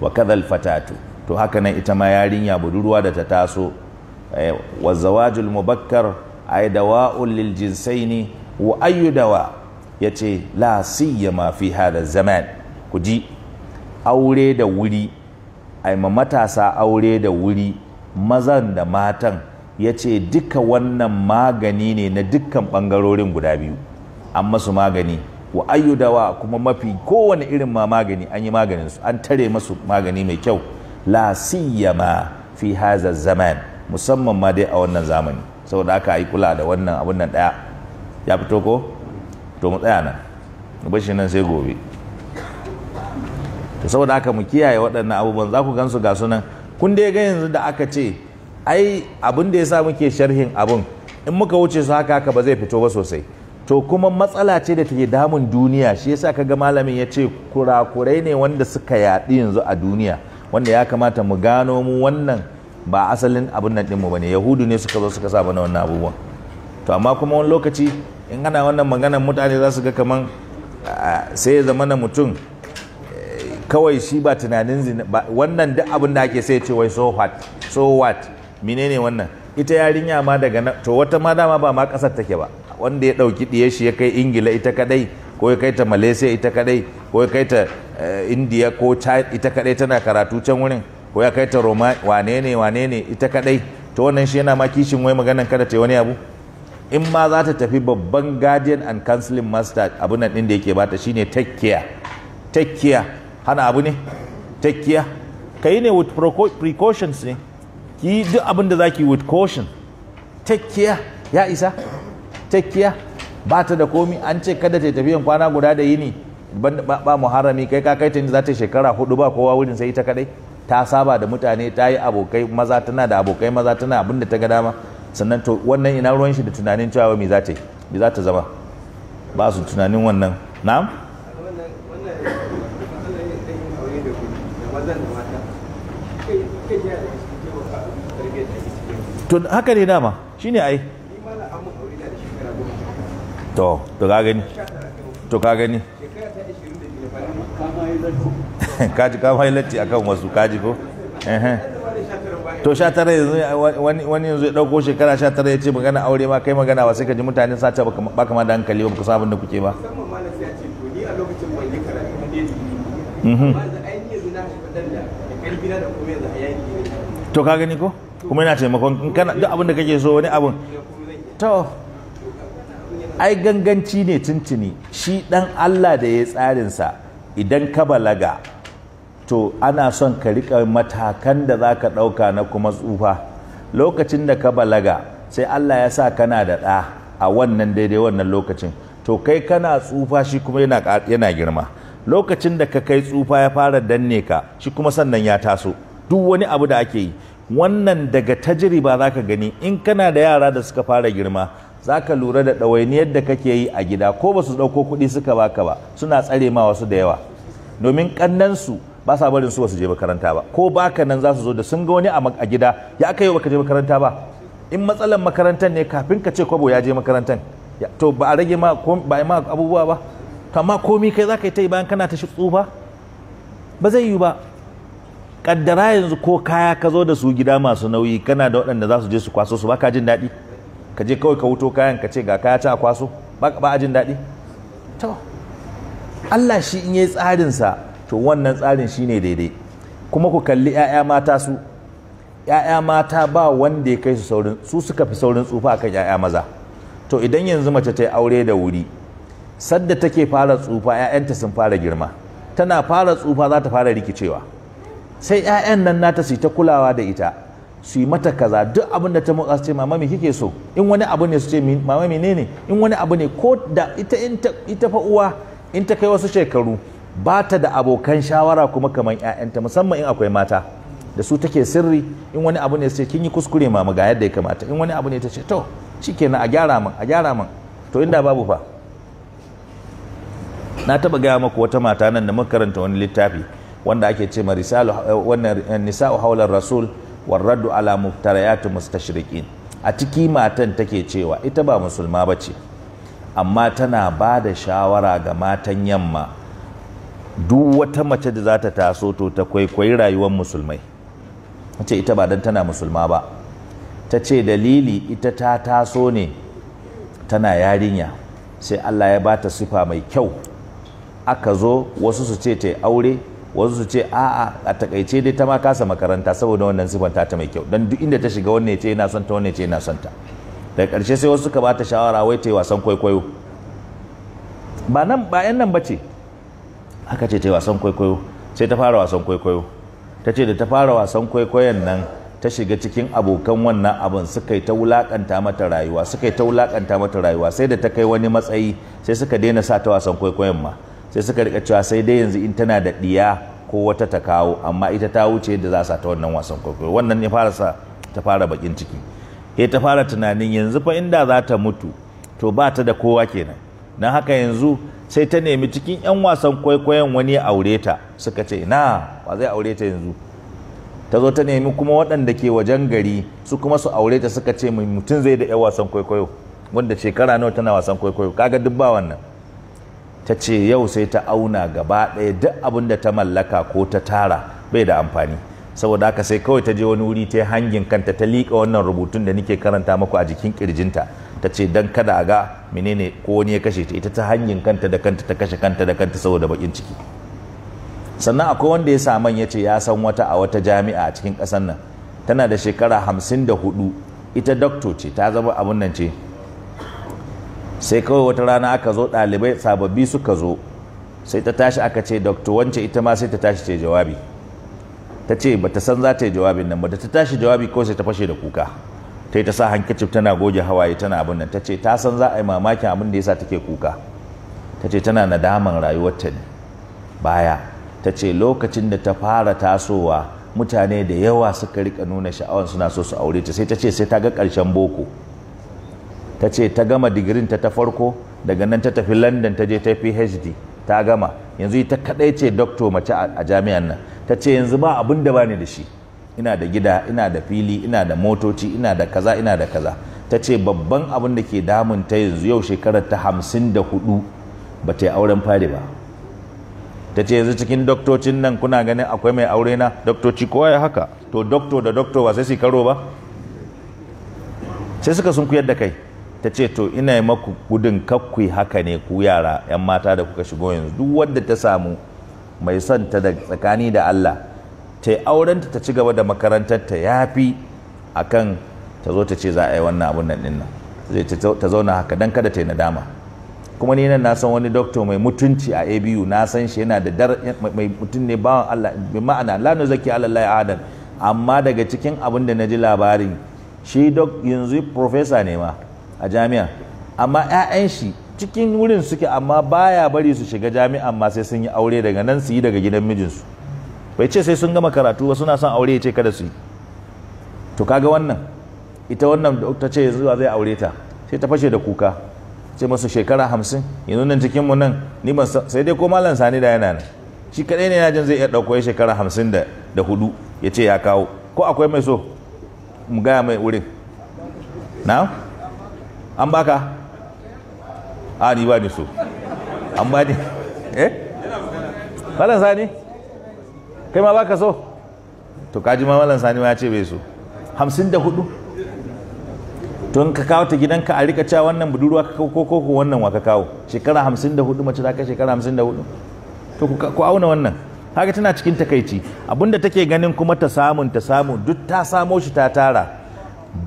wa kadhal fatatu to haka nan ita ma yarinya budurwa da ta taso eh, wa zawajul mubakkar ay dawa'un lil jinsaini wa ay dawa yace la ma fi hada zaman ku ji aure da wuri ai ma matasa aure da wuri mazan da matan ya ce duka wannan magani ne na dukkan ɓangarorin guda biyu an masu magani wa ayyudawa kuma mafi kowane irin ma magani an yi maganin su an tare masu magani mai kyau la siyama fi haza zaman musamman ma dai a wannan zamani saboda aka yi kula da wannan abun nan daya ya fito ko to mu tsaya nan mu bar nan sai gobe to saboda haka mu kiyaye waɗannan abubuwan za ku gan su ga sunan kun dai ga yanzu da aka ce ai abin da sa muke sharhin abin in muka wuce su haka haka ba zai fito ba sosai to kuma matsala ce da take damun duniya shi yasa kaga malamin ya ce kurakurai ne wanda suka yaɗi yanzu a duniya wanda ya kamata mu gano mu wannan ba asalin abin nan ɗinmu ba ne yahudu ne suka zo suka sa mana wannan abubuwan to amma kuma wani lokaci in ana wannan maganar mutane za su ga kaman sai ya zama na mutum eh, kawai shi ba tunanin wannan duk abin da ake sai ce wai so what so what menene wannan ita yarinya ma daga na to wata ma dama ba ma kasar take ba wanda ya dauki diyar shi ya kai ingila ita kadai ko ya kai ta malaysia ita kadai ko ya kai ta eh, india ko ita kadai tana karatu can wurin ko ya kai ta roma wane ne wane ne ita kadai to wannan shi yana ma kishin wai maganan kada ta wani abu in ma za ta tafi babban guardian and counseling master abun nan din da yake bata shine take care take care hana abu ne take care kai ne with precautions ne ki duk abin da zaki with caution take care ya isa take care ba ta da komi an ce kada ta tafiyan kwana guda da yini ba harami kai ka kai ta za ta shekara hudu ba kowa wurin sai ita kadai ta saba da mutane ta yi abokai maza tana da abokai maza tana abin ta ga dama sannan to wannan ina ruwan shi da tunanin cewa me za ta yi za ta zama ba su tunanin wannan na'am to haka ne dama shine ai to to ka gani to ka gani ji kama yi latti akan wasu ji ko to sha tara yanzu wani yanzu ya dauko shekara sha tara ya ce magana aure ma kai magana ba sai ka ji mutane sace ba kama da hankali ba ku san abin da kuke ba mhm. to ka gani ko kuma yana taimakon kana duk abin kake so wani abin to ai ganganci ne tuntuni shi dan Allah da ya tsarinsa idan ka balaga to ana son ka rika matakan da zaka ka ɗauka na kuma tsufa lokacin da ka balaga sai Allah ya sa kana da ɗa a wannan daidai wannan lokacin to kai kana tsufa shi kuma yana girma lokacin da ka kai tsufa ya fara danne ka shi kuma sannan ya taso duk wani abu da ake yi wannan daga ba za ka gani in kana da yara da suka fara girma za ka lura da ɗawainiyar da kake yi a gida ko ba su ɗauko kuɗi suka baka ba suna tsare ma wasu da yawa domin ƙannansu ba sa barin su ba je makaranta ba ko baka nan za su zo da sun ga wani a gida ya aka yi baka je makaranta ba in matsalar makarantar ne kafin ka ce kwabo ya je makarantar to ba a rage ma ba ma abubuwa ba amma komi kai za ka yi ta yi bayan kana ta shi tsufa ba zai yi ba kaddara yanzu ko kaya ka zo da su gida masu nauyi kana da waɗanda za su je su kwaso su Ba ka jin daɗi ka je kawai ka wuto kayan ka ce ga kaya can kwaso ba a jin daɗi to Allah shi in yi tsarinsa to wannan tsarin shi ne daidai kuma ku kalli 'ya'ya mata su 'ya'ya mata ba wanda ya kai su saurin su suka fi saurin tsufa akan 'ya'ya maza to idan yanzu mace ta yi aure da wuri sadda take fara tsufa 'ya'yanta sun fara girma tana fara tsufa za ta fara rikicewa sai 'ya'yan nan nata su ta kulawa da ita su yi mata kaza duk abin da ta motsa su ce mama me kike so in wani abu ne su ce mama menene in wani abu ne ko da ita in ta ita fa uwa in ta kai wasu shekaru ba ta da abokan shawara kuma kamar ƴaƴanta musamman in akwai mata da su take sirri in wani abu ne su ce kin yi kuskure mama ga yadda ya kamata in wani abu ne ta ce to shikenan a gyara min a gyara min to inda babu fa na taba gaya maku wata mata nan da muka karanta wani littafi wanda ake ce ma risalu eh, wannan eh, nisa'u haular rasul raddu ala muftarayatu mustashriqin a ciki matan take cewa ita ba musulma bace amma tana ba da shawara ga matan yamma duk wata mace da za ta taso to ta kwaikwayi rayuwar musulmai ce ita ba dan tana musulma ba ta ce dalili ita ta taso ne tana yarinya sai Allah ya bata sifa mai kyau aka zo wasu su ce ta aure wasu su ce a'a a takaice dai ta ma kasa makaranta saboda wannan sifan ta mai kyau dan duk inda ta shiga wannan ce yana son ta wannan ce yana son ta daga ƙarshe sai wasu suka bata shawara wai ta yi wasan kwaikwayo ba nan ba yan nan bace aka ce ta yi wasan kwaikwayo sai ta fara wasan kwaikwayo ta ce da ta fara wasan kwaikwayon nan ta shiga cikin abokan wannan abin suka yi ta wulakanta mata rayuwa suka yi ta wulakanta mata rayuwa sai da ta kai wani matsayi sai suka daina sa ta wasan kwaikwayon ma sai suka rika cewa sai dai yanzu in tana da ɗiya ko wata ta kawo amma ita ta wuce yadda za sa ta wannan wasan kwaikwayo wannan ya fara sa ta fara bakin ciki he ta fara tunanin yanzu fa inda za ta mutu to ba ta da kowa kenan na haka yanzu sai ta nemi cikin 'yan wasan kwaikwayon wani ya aure ta suka ce na ba zai aure ta yanzu ta zo ta nemi kuma waɗanda ke wajen gari su kuma su aure ta suka ce mutum zai da 'yan wasan kwaikwayo wanda shekara nawa tana wasan kwaikwayo kaga duk ba wannan ta ce yau sai ta auna gaba ɗaya duk abin da ta mallaka ko ta tara bai da amfani saboda haka sai kawai ta je wani wuri ta yi hangin kanta ta liƙa wannan rubutun da nake karanta maku a jikin ƙirjinta ta ce don kada a ga menene ko wani ya kashe ta ita ta hangin kanta da kanta ta kashe kanta da kanta saboda bakin ciki sannan akwai wanda ya saman ya ce ya san wata a wata jami'a a cikin ƙasar nan tana da shekara hamsin da hudu ita dokto ce ta zama abun nan ce sai kawai wata rana aka zo ɗalibai sababbi suka zo sai ta tashi aka ce dr wance ita ma sai ta tashi ce jawabi ta ce ba ta san za ta yi jawabin nan ba da ta tashi jawabi kawai sai ta fashe da kuka ta yi ta sa hankicif tana goge hawaye tana abin nan ta ce ta san za a yi mamakin abin da ya sa take kuka ta ce tana nadaman rayuwarta ne baya ta ce lokacin da ta fara tasowa mutane da yawa suka rika nuna sha'awar suna so su aure ta sai ta ce sai ta ga ƙarshen boko ta ce ta gama digirin ta ta farko daga nan ta tafi london ta je ta phd ta gama yanzu ita kadai ce doctor mace a jami'an nan ta ce yanzu ba abin da bani da shi ina da gida ina da fili ina da motoci ina da kaza ina da kaza ta ce babban abin da ke damun ta yanzu yau shekarar ta hamsin da hudu ba ta yi auren fari ba ta ce yanzu cikin doktocin nan kuna ganin akwai mai aure na doktoci kowa ya haka to dokto da dokto ba sai su karo ba sai suka sun kuyar da kai ta ce to ina yi maku gudun kakkui haka ne ku yara 'yan mata da kuka shigo yanzu duk wadda ta samu mai son ta da tsakani da Allah ta yi auren ta ci gaba da makarantar ta yafi akan ta zo ta ce za a yi wannan abun nan dinnan zai ta zauna haka dan kada ta yi nadama kuma ni nan na san wani doctor mai mutunci a ABU na san shi yana da dar mai mutum ne bawan Allah bi ma'ana lanu zaki allah Allah ahadan amma daga cikin abin da na ji labarin shi yanzu professor ne ma a jami'a amma 'ya'yan shi cikin wurin suke amma baya bari su shiga jami'a ma sai sun yi aure daga nan su yi daga gidan mijinsu bai ce sai sun gama karatu ba suna son aure ya ce kada su yi to kaga wannan ita wannan ta ce zuwa zai aure ta sai ta fashe da kuka ce masu shekara hamsin yanzu nan cikin mu nan ni ban sai dai ko malam sani da yana nan shi kadai ne yana jin zai iya dauko ya shekara hamsin da da hudu ya ce ya kawo ko akwai mai so mu gaya mai wurin na an baka a ni ba ni so an ba ni eh malam sani kai ma baka so to kaji ma malam sani ma ya ce bai so hamsin da hudu don ka kawo ta gidanka a rika cewa wannan budurwa ka ko ko wannan wa ka kawo shekara hamsin da hudu mace ta kai shekara hamsin da hudu to ku auna wannan haka tana cikin takaici abinda take ganin kuma ta samun ta samu duk ta samo shi ta tara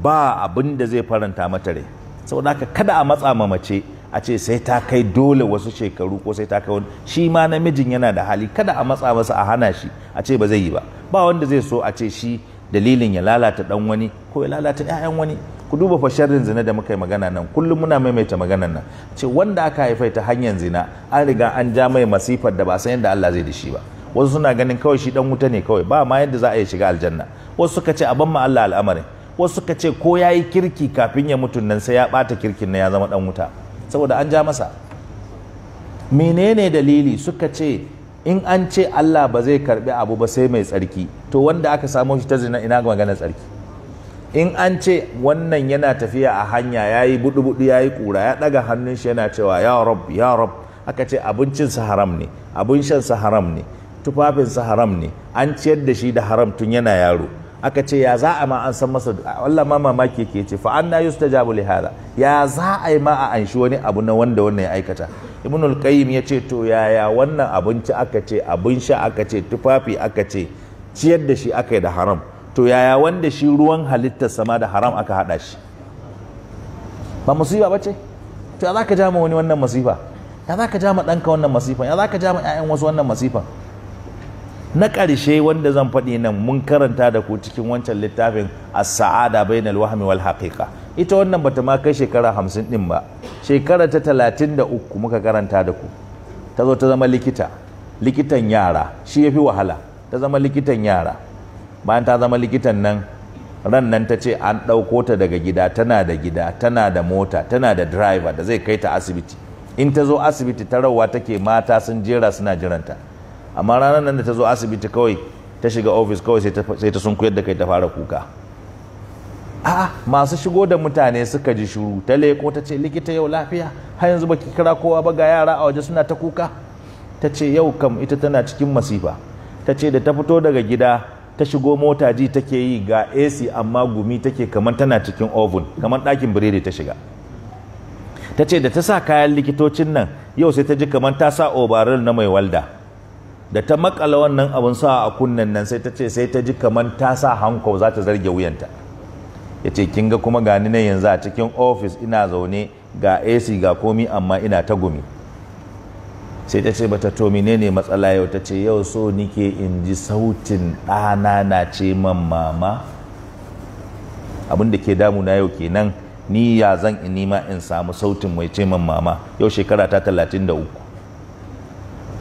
ba abin da zai faranta mata rai saboda haka kada a matsa ma mace a ce sai ta kai dole wasu shekaru ko sai ta kai wani shi ma namijin yana da hali kada a matsa masa a hana shi a ce ba zai yi ba ba wanda zai so a ce shi dalilin ya lalata dan wani ko ya lalata ƴaƴan wani ku duba fa sharrin zina da muka yi magana nan kullum muna maimaita maganan nan ce wanda aka haifa ta hanyar zina an riga an ja mai masifar da ba san yadda Allah zai da shi ba wasu suna ganin kawai shi dan wuta ne kawai ba ma yadda za a yi shiga aljanna wasu suka ce a ban ma Allah al'amarin wasu suka ce ko ya yi kirki kafin ya mutu nan sai ya bata kirkin na ya zama dan wuta saboda an ja masa menene dalili suka ce in an ce Allah ba zai karbi abu ba sai mai tsarki to wanda aka samo shi ta zina ina magana tsarki in an ce wannan yana tafiya a hanya ya yi budu-budu ya yi kura ya ɗaga hannun shi yana cewa ya rab ya rab aka ce abincinsa haram ne abin shansa haram ne tufafinsa haram ne an ciyar da shi da haram tun yana yaro aka ce ya za a ma an san masa Allah ma mamaki yake ce fa anna yustajabu li hada ya za a yi ma a anshi wani abu na wanda wannan ya aikata ibn al-qayyim ya ce to yaya wannan abinci aka ce abin sha aka ce tufafi aka ce ciyar da shi aka yi da haram to yaya wanda shi ruwan halittar sama da haram aka hada shi ba musiba ba ce to ya za ka ja ma wani wannan masifa ya za ka ja ma ɗanka wannan masifa ya za ka ja ma 'ya'yan wasu wannan masifa na ƙarshe wanda zan faɗi nan mun karanta da ku cikin wancan littafin a saada bai na wahmi wal haƙiƙa ita wannan bata ma kai shekara hamsin ɗin ba shekara ta talatin da uku muka karanta da ku ta zo ta zama likita likitan yara shi ya fi wahala ta zama likitan yara bayan ta zama likitan nan ran nan ta ce an ɗauko ta daga gida tana da gida tana da mota tana da driver da zai kai ta asibiti in ta zo asibiti ta rawa take mata sun jera suna jiranta amma ranar nan da ta zo asibiti kawai ta shiga ofis kawai sai ta kuyar da kai ta fara kuka 'a masu shigo da mutane suka ji shuru ta leko ta ce likita yau lafiya har yanzu baki kira kowa ba ga yara a waje suna ta kuka ta ce yau kam ita tana cikin masifa ta ce da ta fito daga gida ta shigo mota ji take yi ga AC amma gumi take kamar tana cikin oven kamar ɗakin biredi ta shiga ta ce da ta sa kayan likitocin nan yau sai ta ji kamar ta sa obaral na mai walda da ta makala wannan abin sa a kunnen nan sai ta ce sai ta ji kamar ta sa hanko za ta zarge wuyanta ya ce kin ga kuma gani nan yanzu a cikin ofis ina zaune ga ac ga komi amma ina ta gumi sai ta ce bata to menene matsala yau ta ce yau so nike in ji sautin ɗana na ce man mama abin da ke damuna yau kenan ni ya zan in nima in samu sautin mai ce man mama yau shekara ta talatin da uku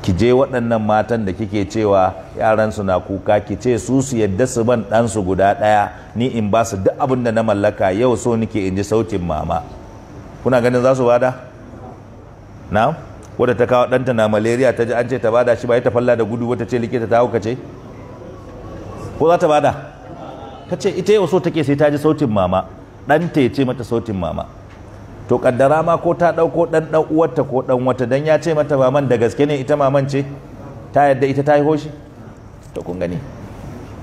ki je waɗannan matan da kike cewa yaransu na kuka ki ce su su yadda su ban ɗansu guda ɗaya ni in ba su duk abin da na mallaka yau so nike in ji sautin mama kuna ganin za su bada na wadda ta kawo ɗanta na malaria ta ji an ce ta bada shi ba ya ta falla da gudu wata ce likita ta hauka ce ko za ta bada Ka ce ita yau so take sai ta ji sautin mama ɗanta ya ce mata sautin mama to kaddara ma ko ta dauko dan dan uwarta ko dan wata dan ya ce mata maman da gaske ne ita maman ce ta yadda ita ta yi to kun gani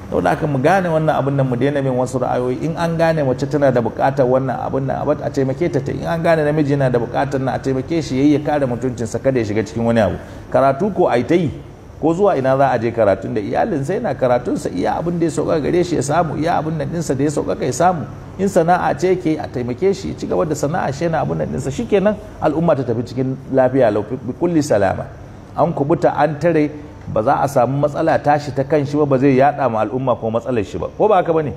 to da mu gane wannan abin nan mu daina min wasu ra'ayoyi in an gane mace tana da bukatar wannan abin nan a taimake ta in an gane namiji yana da bukatar na a taimake shi yayi ya kare mutuncin sa kada ya shiga cikin wani abu karatu ko ai ta yi ko zuwa ina za a je karatun da iyalin sai na karatun sa iya abin da ya sauka gare shi ya samu iya abin da ɗinsa da ya sauka ya samu in sana'a ce ke a taimake shi ci gaba da sana'a shi na abin da ɗinsa shikenan al'umma ta tafi cikin lafiya lau kulli salama an kubuta an tare ba za a samu matsala tashi ta kan shi ba ba zai yaɗa ma al'umma ko matsalar shi ba ko ba haka bane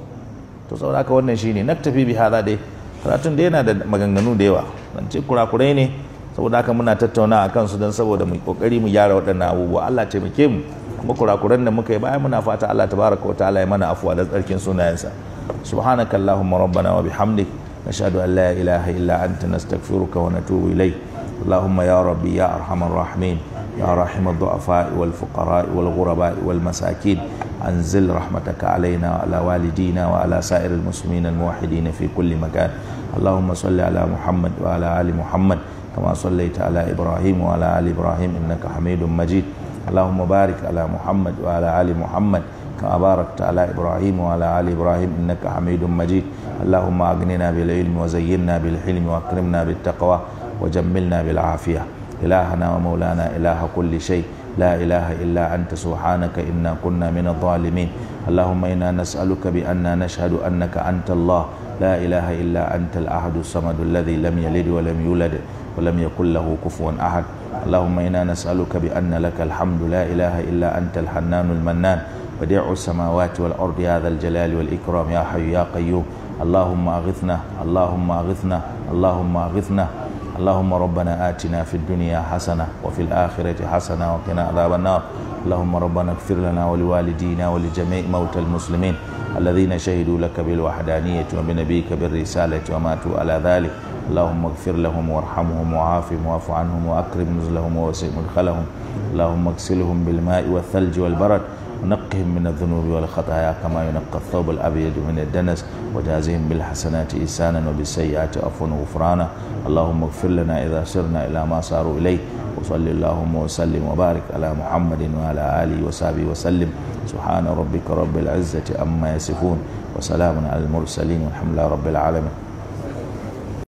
to saboda haka wannan shine na tafi bi hada dai karatun da yana da maganganu da yawa ce kurakurai ne saboda haka muna tattauna a kansu don saboda mu kokari mu gyara waɗannan abubuwa Allah taimake mu kuma kurakuran da muka yi baya muna fata Allah tabaraka wa ta'ala ya mana afuwa da tsarkin sunayensa subhanaka allahumma rabbana wa bihamdik nashhadu an la ilaha illa anta nastaghfiruka wa natubu ilayk اللهم ya ربي يا ارحم الراحمين يا راحم الضعفاء والفقراء والغرباء والمساكين أنزل رحمتك علينا وعلى والدينا وعلى سائر المسلمين الموحدين في كل مكان اللهم صل على محمد وعلى آل محمد كما صليت على إبراهيم وعلى آل إبراهيم إنك حميد مجيد اللهم بارك على محمد وعلى آل محمد كما باركت على إبراهيم وعلى آل إبراهيم إنك حميد مجيد اللهم أغننا بالعلم وزينا بالحلم وأكرمنا بالتقوى وجملنا بالعافية إلهنا ومولانا إله كل شيء لا إله إلا أنت سبحانك إنا كنا من الظالمين اللهم إنا نسألك بأننا نشهد أنك أنت الله لا إله إلا أنت الأحد الصمد الذي لم يلد ولم يولد ولم يكن له كفوا أحد اللهم إنا نسألك بأن لك الحمد لا إله إلا أنت الحنان المنان وديع السماوات والأرض يا ذا الجلال والإكرام يا حي يا قيوم اللهم أغثنا اللهم أغثنا اللهم أغثنا اللهم ربنا آتنا في الدنيا حسنة وفي الآخرة حسنة وقنا عذاب النار اللهم ربنا اغفر لنا ولوالدينا ولجميع موتى المسلمين الذين شهدوا لك بالوحدانية وبنبيك بالرسالة وماتوا على ذلك اللهم اغفر لهم وارحمهم وعافهم واعف عنهم واكرم نزلهم ووسع مدخلهم اللهم اغسلهم بالماء والثلج والبرد ونقهم من الذنوب والخطايا كما ينقى الثوب الابيض من الدنس وجازهم بالحسنات إحسانا وبالسيئات عفوا وغفرانا اللهم اغفر لنا اذا سرنا الى ما ساروا اليه وصل اللهم وسلم وبارك على محمد وعلى اله وصحبه وسلم سبحان ربك رب العزه عما يصفون وسلام على المرسلين والحمد لله رب العالمين